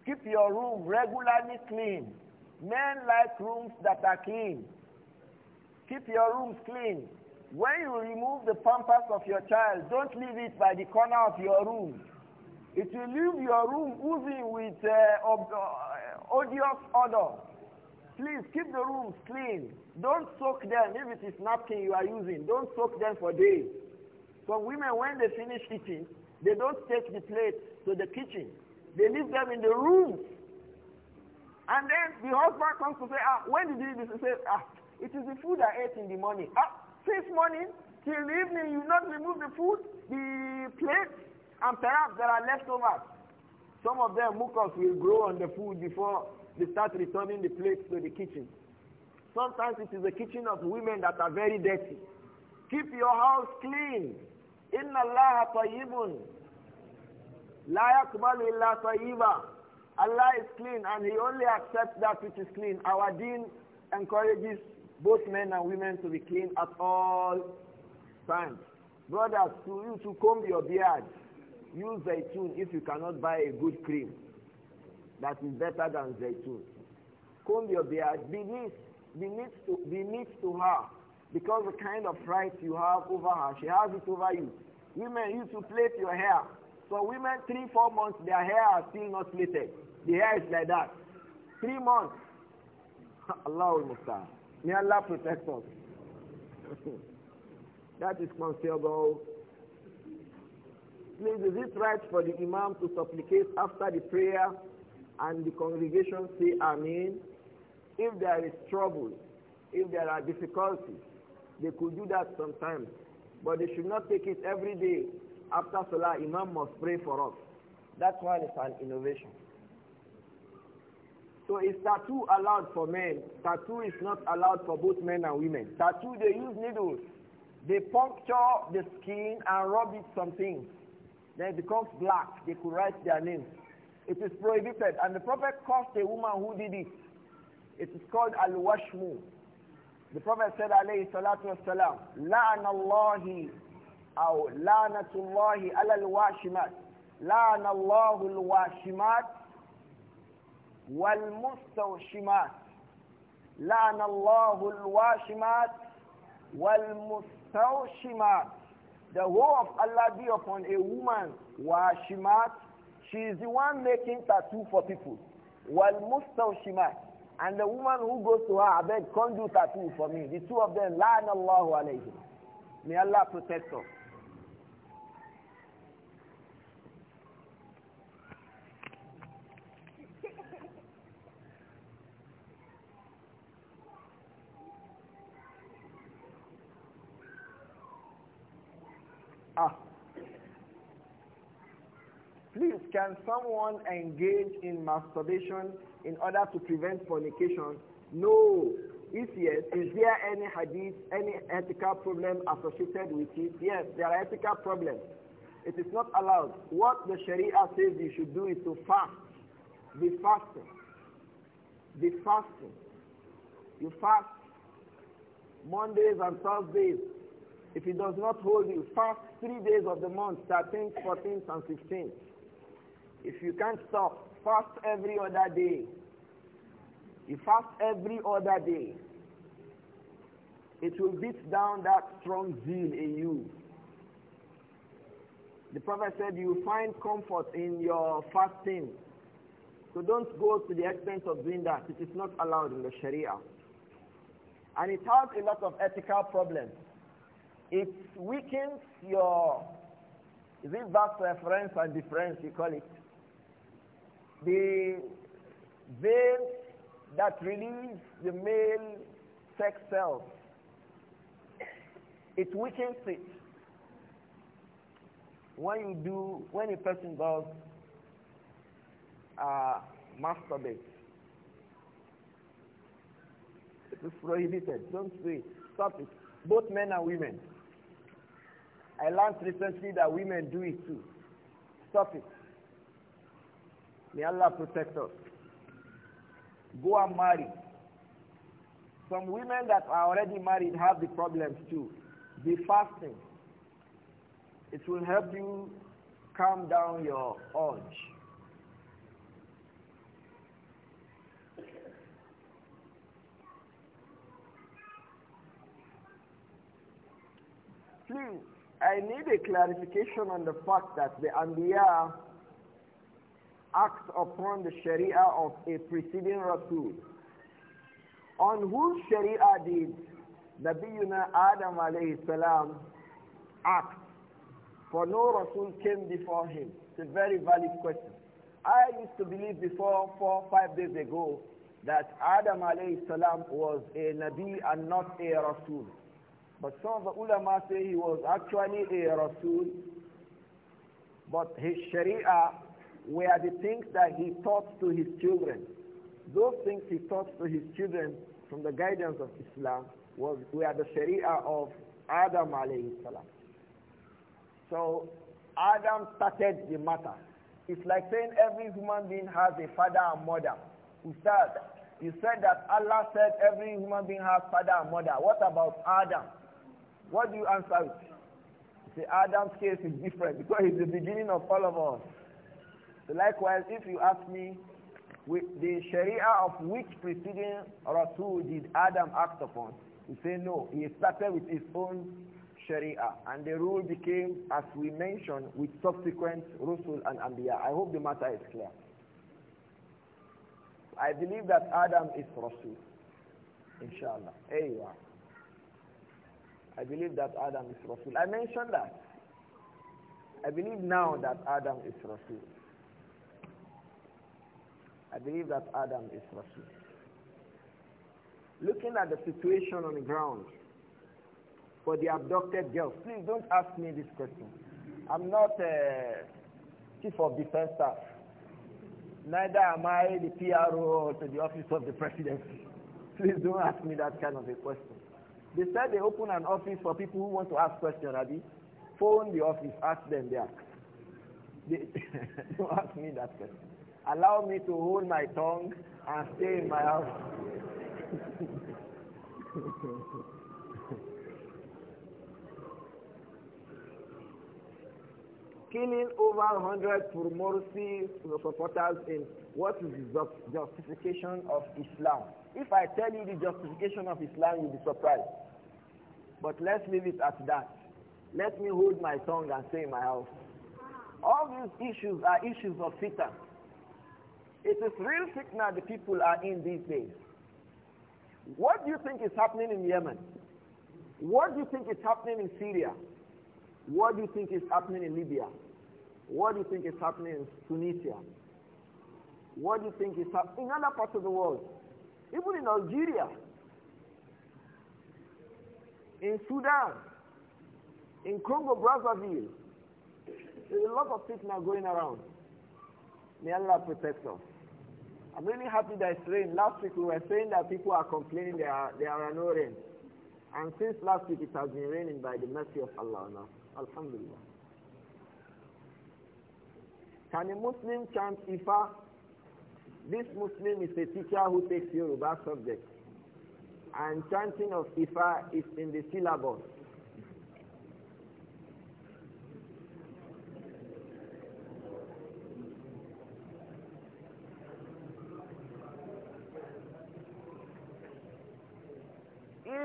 Keep your room regularly clean. Men like rooms that are clean. Keep your rooms clean. When you remove the pampers of your child, don't leave it by the corner of your room. It will leave your room oozing with uh, uh, odious odor. Please keep the rooms clean. Don't soak them. If it is napkin you are using, don't soak them for days. Some women, when they finish eating, they don't take the plate to the kitchen. They leave them in the room. And then the husband comes to say, ah, when did you this? He says, ah, it is the food I ate in the morning. Ah, since morning till evening, you not remove the food, the plate, and perhaps there are leftovers. Some of them mucus will grow on the food before they start returning the plates to the kitchen. Sometimes it is the kitchen of women that are very dirty. Keep your house clean. Inna Allah tayyibun. La yakbalu illa tayyiba. Allah is clean and He only accepts that which is clean. Our deen encourages both men and women to be clean at all times. Brothers, to you to comb your beard. Use a tune if you cannot buy a good cream that is better than zaytun. Comb your beard, be neat, be to, be to her, because the kind of right you have over her, she has it over you. Women, used to plait your hair. So women, three, four months, their hair are still not plaited. The hair is like that. Three months. [laughs] Allah Mustaan. May Allah protect us. [laughs] that is considerable. Please, is it right for the Imam to supplicate after the prayer and the congregation say Amen, if there is trouble, if there are difficulties, they could do that sometimes. But they should not take it every day. After Salah, Imam must pray for us. That's why it's an innovation. So is tattoo allowed for men? Tattoo is not allowed for both men and women. Tattoo, they use needles. They puncture the skin and rub it some things. Then it becomes black. They could write their names. It is prohibited. And the Prophet cursed a woman who did it. It is called al-washmu. The Prophet said, alayhi salatu wasalam, la'anallahi aw la'natullahi ala al-washimat. La'anallahu al-washimat wal-mustawshimat. La'anallahu al-washimat wal-mustawshimat. The woe of Allah be upon a woman, washimat, she is the one making tattoo for people. While Shima And the woman who goes to her, I beg, come do tattoo for me. The two of them, la'an Allahu alayhim. May Allah protect us. [laughs] Ah. Please, can someone engage in masturbation in order to prevent fornication? No. If yes, is there any hadith, any ethical problem associated with it? Yes, there are ethical problems. It is not allowed. What the Sharia says you should do is to fast. Be fasting. Be fasting. You fast Mondays and Thursdays. If it does not hold you, fast three days of the month, 13th, 14th, and 15th. If you can't stop, fast every other day. You fast every other day. It will beat down that strong zeal in you. The Prophet said you find comfort in your fasting. So don't go to the extent of doing that. It is not allowed in the Sharia. And it has a lot of ethical problems. It weakens your, is it verse reference and difference you call it? the veins that release the male sex cells. It weakens it. When you do, when a person does uh, masturbate, it is prohibited. Don't do it. Stop it. Both men and women. I learned recently that women do it too. Stop it. May Allah protect us. Go and marry. Some women that are already married have the problems too. Be fasting. It will help you calm down your urge. Please, I need a clarification on the fact that the Anbiya acts upon the sharia of a preceding Rasul. On whose sharia did Nabiyuna Adam alayhi salam act? For no Rasul came before him. It's a very valid question. I used to believe before four, five days ago that Adam alayhi salam was a Nabi and not a Rasul. But some of the ulama say he was actually a Rasul, but his Sharia were the things that he taught to his children. Those things he taught to his children from the guidance of Islam was, were the Sharia of Adam alayhi salam. So Adam started the matter. It's like saying every human being has a father and mother. said? you said that Allah said every human being has father and mother. What about Adam? What do you answer? You say Adam's case is different because it's the beginning of all of us likewise, if you ask me, with the Sharia of which preceding Rasul did Adam act upon? You say no. He started with his own Sharia, and the rule became, as we mentioned, with subsequent Rasul and Anbiya. I hope the matter is clear. I believe that Adam is Rasul. Inshallah. There you are. I believe that Adam is Rasul. I mentioned that. I believe now that Adam is Rasul. I believe that Adam is Rasul. Looking at the situation on the ground for the abducted girls, please don't ask me this question. I'm not a uh, chief of defense staff. Neither am I the PRO to the office of the presidency. [laughs] Please don't ask me that kind of a question. They said they open an office for people who want to ask questions, Abi. Phone the office, ask them there. They, [laughs] don't ask me that question. Allow me to hold my tongue and stay in my house. Killing over 100 Morsi supporters in what is the justification of Islam. If I tell you the justification of Islam, you'll be surprised. But let's leave it at that. Let me hold my tongue and stay in my house. All these issues are issues of fitan. It is real fitna the people are in these days. What do you think is happening in Yemen? What do you think is happening in Syria? What do you think is happening in Libya? What do you think is happening in Tunisia? What do you think is happening in other parts of the world? Even in Algeria, in Sudan, in Congo Brazzaville, there's a lot of fitna going around. May Allah protect us. I'm really happy that it's rain. Last week we were saying that people are complaining there are, there are no rain. And since last week it has been raining by the mercy of Allah now. Alhamdulillah. Can a Muslim chant Ifa? This Muslim is a teacher who takes Yoruba subject. And chanting of Ifa is in the syllabus.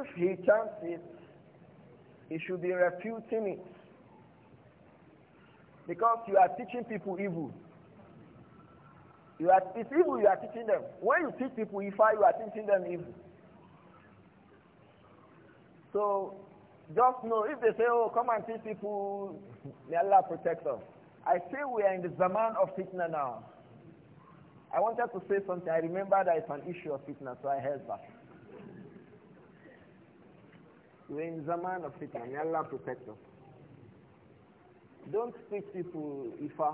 If he chants it, he should be refuting it. Because you are teaching people evil. You are, it's evil you are teaching them. When you teach people Ifa, you are teaching them evil. So just know if they say, oh, come and teach people, [laughs] may Allah protect us. I say we are in the zaman of fitna now. I wanted to say something. I remember that it's an issue of fitna, so I held back. We're in zaman of fitna. May Allah protect us. Don't teach people ifa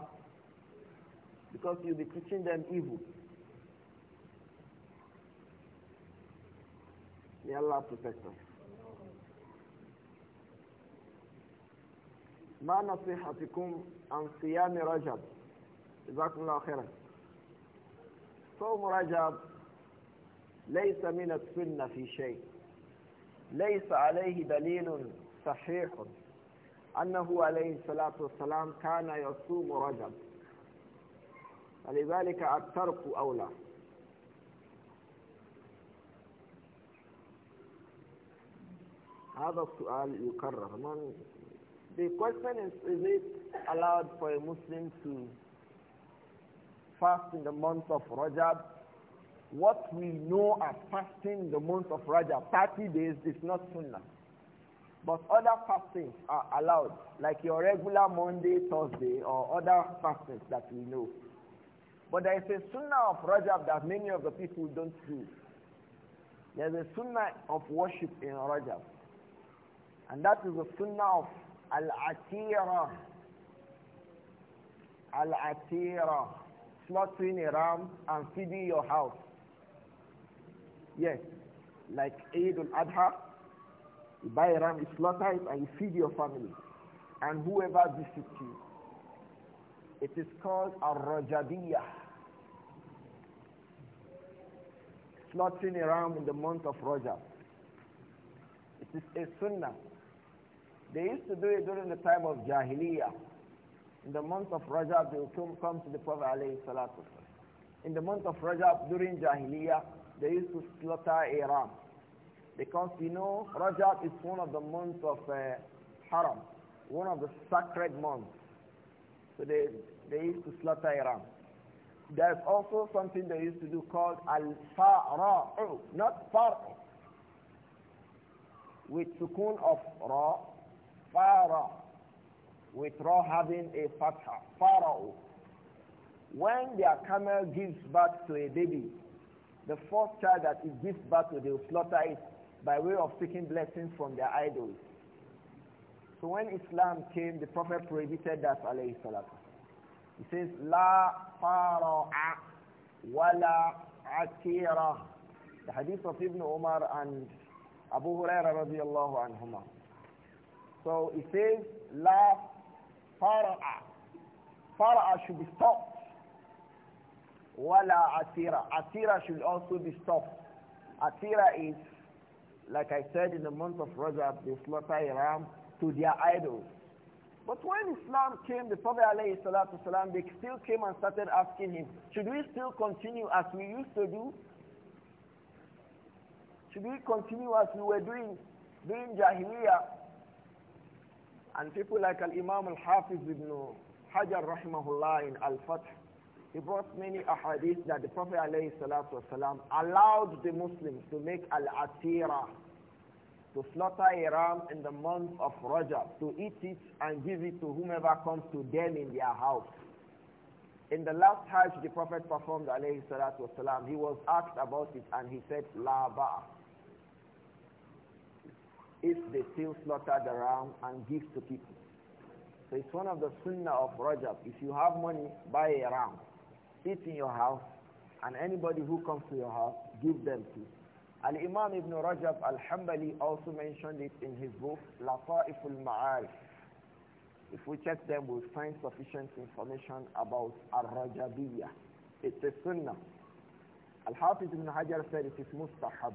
because you'll be teaching them evil. May Allah protect us. ما نصيحتكم عن صيام رجب جزاكم الله خيرا صوم رجب ليس من السنة في شيء ليس عليه دليل صحيح أنه عليه الصلاة والسلام كان يصوم رجب ولذلك الترك أولى هذا السؤال يكرر من the question is is it allowed for a Muslim to fast in the month of Rajab what we know as fasting in the month of Rajab, 30 days, is not sunnah. But other fastings are allowed, like your regular Monday, Thursday, or other fastings that we know. But there is a sunnah of Rajab that many of the people don't do. There's a sunnah of worship in Rajab. And that is the sunnah of Al-Atira. Al-Atira. Slaughtering a ram and feeding your house. Yes, like Eid al-Adha, you buy a ram, you slaughter it, and you feed your family. And whoever visits you. It is called a rajabiyah Slaughtering a ram in the month of Rajab. It is a sunnah. They used to do it during the time of Jahiliyyah. In the month of Rajab, they will come, come to the Prophet alayhi In the month of Rajab, during Jahiliyyah, they used to slaughter a ram. Because you know, Rajab is one of the months of uh, Haram, one of the sacred months. So they, they used to slaughter a ram. There's also something they used to do called al-fara'u, not fara'u. With sukun of ra, fara, with ra having a fatha, fara'u. When their camel gives birth to a baby, the fourth child that it gives birth to, they will slaughter it by way of seeking blessings from their idols. So when Islam came, the Prophet prohibited that, alayhi salatu. He says, La fara'a wala akira. The hadith of Ibn Umar and Abu Huraira radiallahu anhumah. So he says, La fara'a. Fara'a should be stopped. Wala atira. Atira should also be stopped. Atira is, like I said, in the month of Rajab, they slaughter a ram to their idols. But when Islam came, the Prophet salam they still came and started asking him, should we still continue as we used to do? Should we continue as we were doing during Jahiliyyah? And people like Al-Imam Al-Hafiz ibn Hajar rahimahullah in Al-Fath, he brought many ahadith that the Prophet والسلام, allowed the Muslims to make al-atira, to slaughter a ram in the month of Rajab, to eat it and give it to whomever comes to them in their house. In the last Hajj the Prophet performed alayhi he was asked about it and he said, La ba If they still slaughter the ram and give to people. So it's one of the sunnah of Rajab. If you have money, buy a ram. Eat in your house, and anybody who comes to your house, give them to. Al-Imam Ibn Rajab Al-Hambali also mentioned it in his book, Lata'iful Ma'arif. If we check them, we'll find sufficient information about Ar-Rajabiyya. It's a sunnah. Al-Hafiz Ibn Hajar said it is mustahab.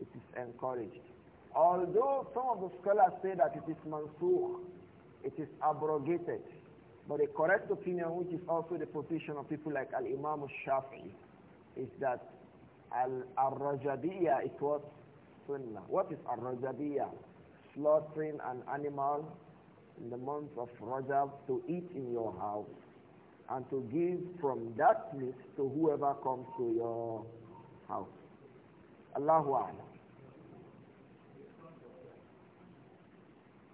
It is encouraged. Although some of the scholars say that it is mansukh, it is abrogated. But the correct opinion, which is also the position of people like Al-Imam al-Shafi'i, is that Al-Rajabiyya it was Sunnah. What is Al-Rajabiyya? Slaughtering an animal in the month of Rajab to eat in your house and to give from that meat to whoever comes to your house. Allahu A'lam.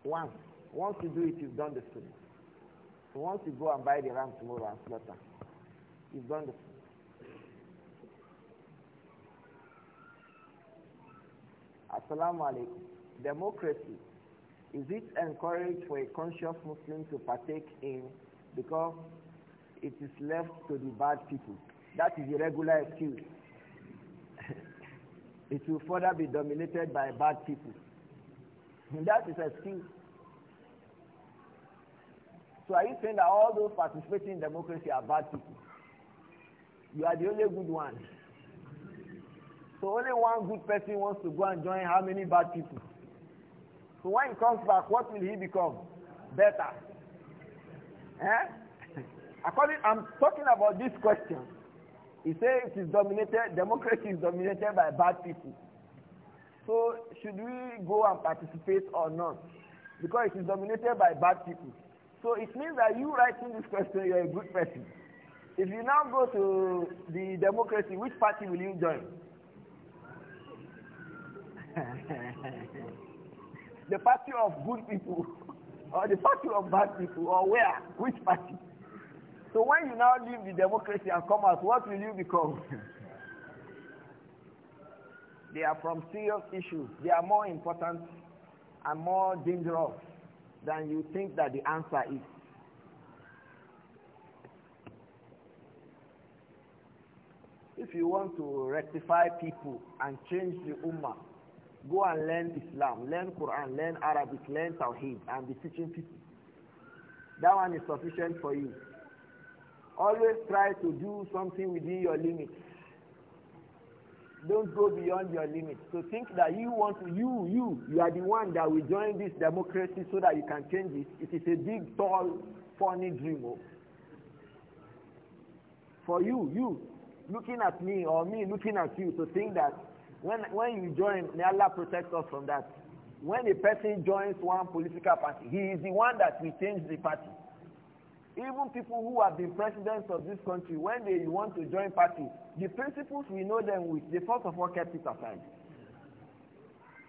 Once. Once you do it, you've done the sunnah. So once to go and buy the ram tomorrow and slaughter, he's done the Assalamu alaikum. Democracy. Is it encouraged for a conscious Muslim to partake in because it is left to the bad people? That is a regular excuse. [laughs] it will further be dominated by bad people. That is [laughs] that is excuse. So are you saying that all those participating in democracy are bad people? You are the only good one. So only one good person wants to go and join how many bad people? So when he comes back, what will he become? Better. Eh? According, I'm talking about this question. He says it is dominated, democracy is dominated by bad people. So should we go and participate or not? Because it is dominated by bad people. So it means that you writing this question, you're a good person. If you now go to the democracy, which party will you join? [laughs] the party of good people or the party of bad people or where? Which party? So when you now leave the democracy and come out, what will you become? [laughs] they are from serious issues. They are more important and more dangerous than you think that the answer is. If you want to rectify people and change the ummah, go and learn Islam, learn Quran, learn Arabic, learn Tawheed, and be teaching people. That one is sufficient for you. Always try to do something within your limits. Don't go beyond your limits. So think that you want to, you, you, you are the one that will join this democracy so that you can change it. It is a big, tall, funny dream. Oh. For you, you, looking at me or me looking at you to think that when, when you join, may Allah protect us from that. When a person joins one political party, he is the one that will change the party. Even people who have been presidents of this country, when they want to join party, the principles we know them with, they first of all kept it aside.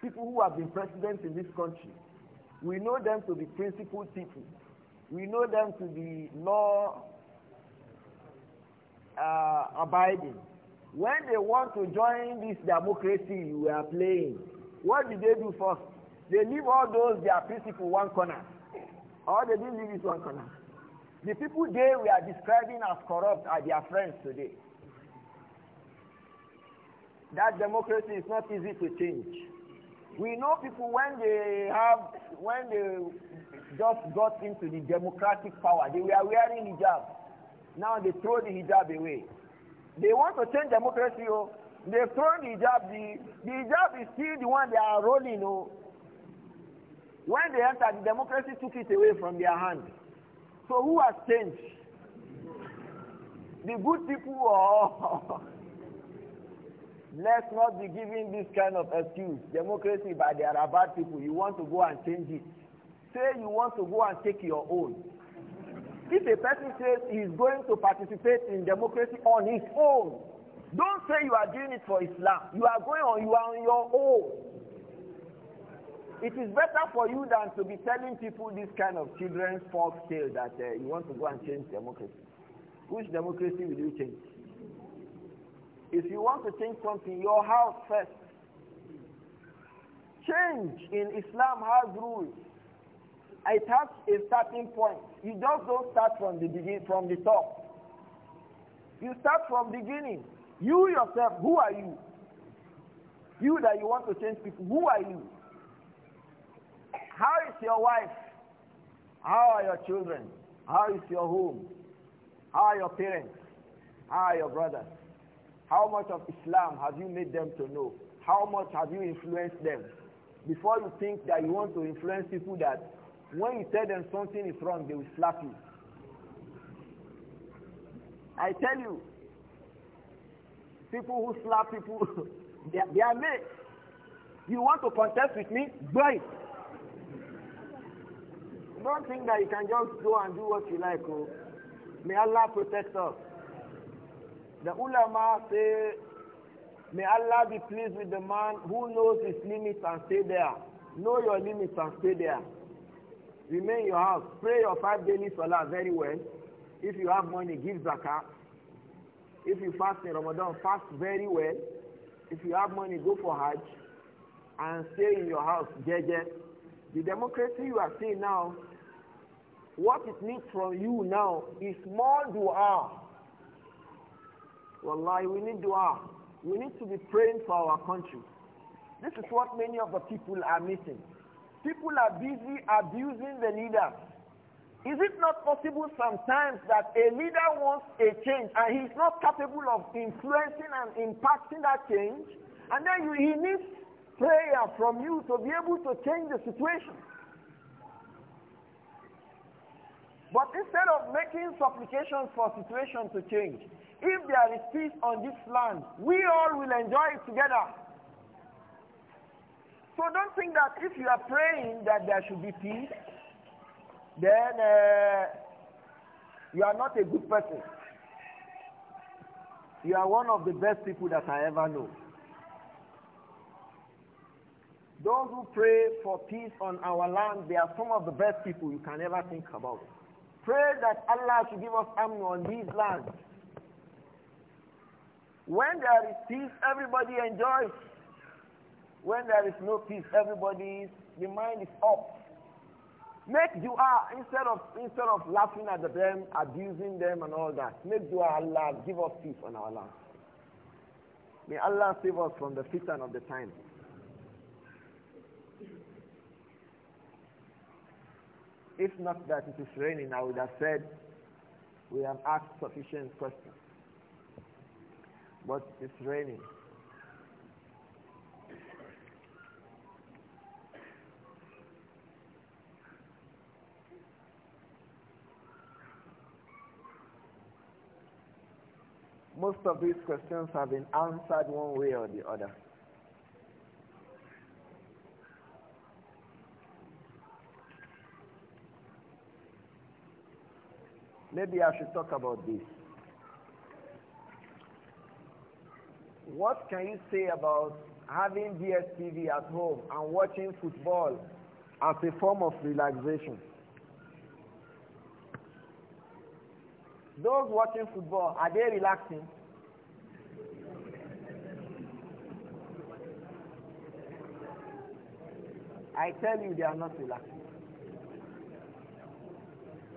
People who have been presidents in this country, we know them to be principled people. We know them to be law uh, abiding. When they want to join this democracy we are playing, what did they do first? They leave all those their principle one corner. All they did leave is one corner. The people they are describing as corrupt are their friends today. That democracy is not easy to change. We know people when they have, when they just got into the democratic power, they were wearing hijab. Now they throw the hijab away. They want to change democracy. Oh, they throw the hijab. The, the hijab is still the one they are rolling. Oh, when they entered, the democracy took it away from their hands. So who has changed? The good people or [laughs] let's not be giving this kind of excuse. Democracy, but there are bad people. You want to go and change it. Say you want to go and take your own. If a person says he's going to participate in democracy on his own, don't say you are doing it for Islam. You are going on, you are on your own it is better for you than to be telling people this kind of children's false tale that uh, you want to go and change democracy. Which democracy will you change? If you want to change something, your house first. Change in Islam has rules. It has a starting point. You just don't start from the begin from the top. You start from beginning. You yourself, who are you? You that you want to change people, who are you? How is your wife? How are your children? How is your home? How are your parents? How are your brothers? How much of Islam have you made them to know? How much have you influenced them? Before you think that you want to influence people that when you tell them something is wrong, they will slap you. I tell you, people who slap people, [laughs] they, are made. You want to contest with me? Go ahead. Don't think that you can just go and do what you like. Oh. May Allah protect us. The ulama say, may Allah be pleased with the man who knows his limits and stay there. Know your limits and stay there. Remain in your house. Pray your five daily salah very well. If you have money, give zakat. If you fast in Ramadan, fast very well. If you have money, go for Hajj and stay in your house, jeje. The democracy you are seeing now what it needs from you now is more dua. Wallahi, we need dua. We need to be praying for our country. This is what many of the people are missing. People are busy abusing the leaders. Is it not possible sometimes that a leader wants a change and he's not capable of influencing and impacting that change? And then you, he needs prayer from you to be able to change the situation. But instead of making supplications for situation to change, if there is peace on this land, we all will enjoy it together. So don't think that if you are praying that there should be peace, then uh, you are not a good person. You are one of the best people that I ever know. Those who pray for peace on our land, they are some of the best people you can ever think about. Pray that Allah should give us amn on these lands. When there is peace, everybody enjoys. When there is no peace, everybody's the mind is up. Make dua instead of instead of laughing at them, abusing them and all that. Make dua Allah, give us peace on our land. May Allah save us from the fitan of the time. If not that it is raining, I would have said we have asked sufficient questions. But it's raining. Most of these questions have been answered one way or the other. Maybe I should talk about this. What can you say about having DSTV at home and watching football as a form of relaxation? Those watching football, are they relaxing? I tell you, they are not relaxing.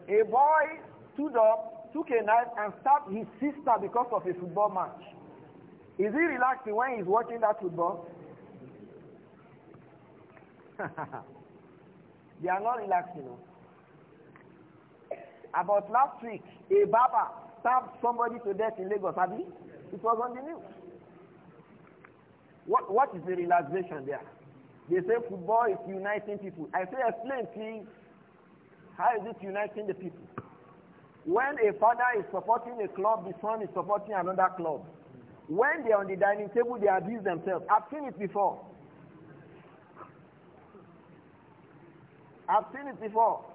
A boy stood up, took a knife and stabbed his sister because of a football match. Is he relaxing when he's watching that football? [laughs] they are not relaxing. No? About last week, a stabbed somebody to death in Lagos, have you? It was on the news. What, what is the relaxation there? They say football is uniting people. I say, explain, please. How is it uniting the people? When a father is supporting a club, the son is supporting another club. When they are on the dining table, they abuse themselves. I've seen it before. I've seen it before.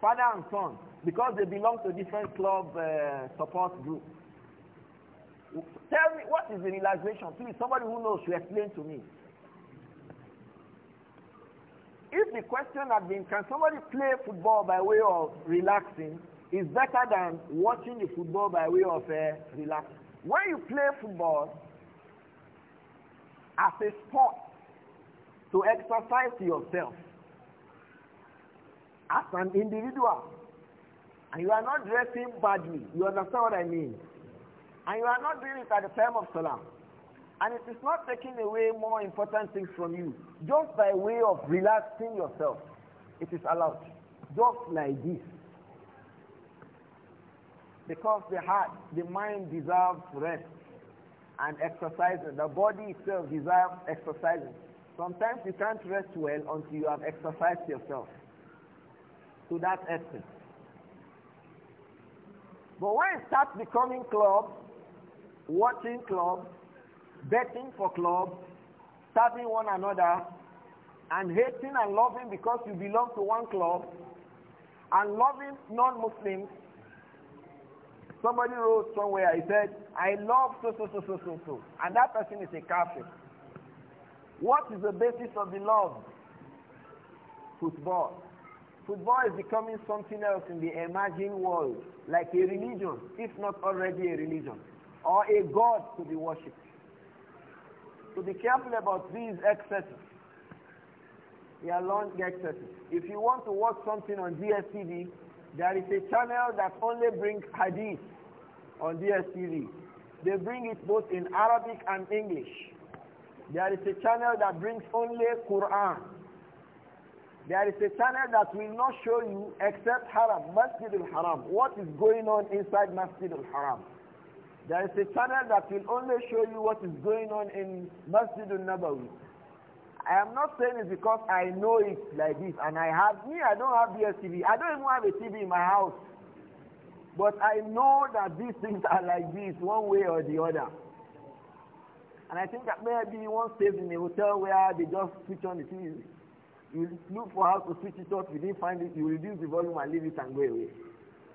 Father and son, because they belong to different club uh, support groups. Tell me, what is the realization? Please, somebody who knows should explain to me. If the question had been, can somebody play football by way of relaxing? is better than watching the football by way of uh, relax. When you play football as a sport to exercise yourself as an individual, and you are not dressing badly, you understand what I mean? And you are not doing it at the time of salam, And it is not taking away more important things from you, just by way of relaxing yourself. It is allowed, just like this. Because the heart, the mind deserves rest and exercising. The body itself deserves exercising. Sometimes you can't rest well until you have exercised yourself to that extent. But when it starts becoming clubs, watching clubs, betting for clubs, serving one another, and hating and loving because you belong to one club, and loving non-Muslims Somebody wrote somewhere, he said, I love so, so, so, so, so, so. And that person is a Catholic. What is the basis of the love? Football. Football is becoming something else in the emerging world, like a religion, if not already a religion, or a god to be worshipped. So be careful about these excesses. They are long excesses. If you want to watch something on DSTV, there is a channel that only brings hadith on DSTV. They bring it both in Arabic and English. There is a channel that brings only Quran. There is a channel that will not show you except Haram, Masjid al-Haram, what is going on inside Masjid al-Haram. There is a channel that will only show you what is going on in Masjid al-Nabawi. I am not saying it because I know it like this and I have, me, I don't have DSTV. I don't even have a TV in my house. But I know that these things are like this one way or the other. And I think that maybe one stays in a hotel where they just switch on the TV. You look for how to switch it off, you didn't find it, you reduce the volume and leave it and go away.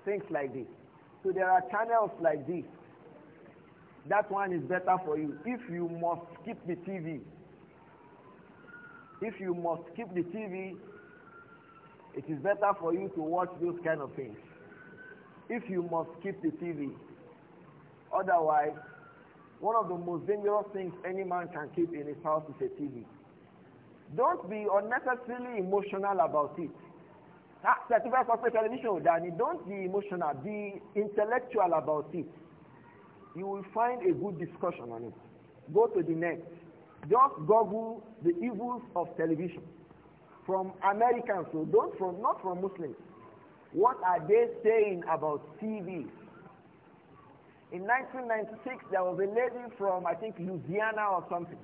Things like this. So there are channels like this. That one is better for you if you must keep the TV if you must keep the TV, it is better for you to watch those kind of things. If you must keep the TV, otherwise, one of the most dangerous things any man can keep in his house is a TV. Don't be unnecessarily emotional about it. television, Danny, don't be emotional. Be intellectual about it. You will find a good discussion on it. Go to the next. Just Google the evils of television from Americans, so don't from not from Muslims. What are they saying about TV? In 1996, there was a lady from I think Louisiana or something.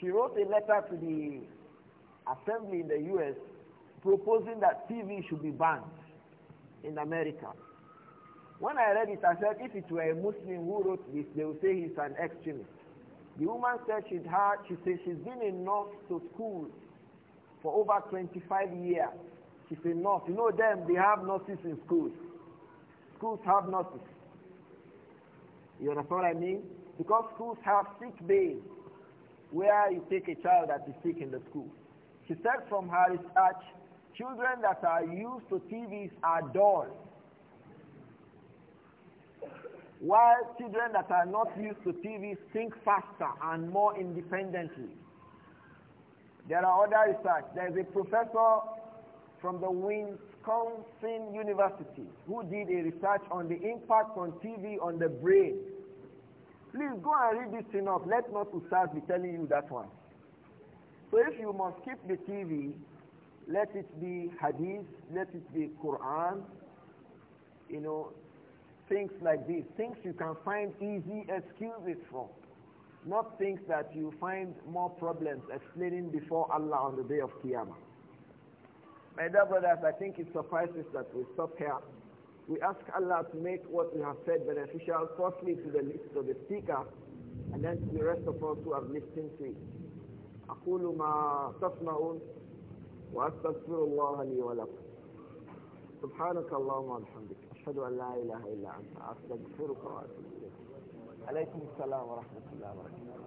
She wrote a letter to the assembly in the U.S. proposing that TV should be banned in America. When I read it, I said, if it were a Muslim who wrote this, they would say he's an extremist. The woman said she'd had, she said she's been in North to school for over 25 years. She's a North. You know them, they have nurses in schools. Schools have nurses. You understand what I mean? Because schools have sick days where you take a child that is sick in the school. She said from her research, children that are used to TVs are dull. While children that are not used to TV think faster and more independently. There are other research. There is a professor from the Wisconsin University who did a research on the impact on TV on the brain. Please go and read this thing up. Let not Ustaz be telling you that one. So if you must keep the TV, let it be hadith, let it be Quran, you know, things like this, things you can find easy excuses for, not things that you find more problems explaining before Allah on the day of Qiyamah. My dear brothers, I think it suffices that we stop here. We ask Allah to make what we have said beneficial, firstly to the, of the speaker, and then to the rest of us who have listened to it. أقول ما تسمعون وأستغفر الله لي ولكم سبحانك اللهم وبحمدك أشهد أن لا إله إلا أنت أستغفرك وأتوب إليك عليكم السلام ورحمة الله وبركاته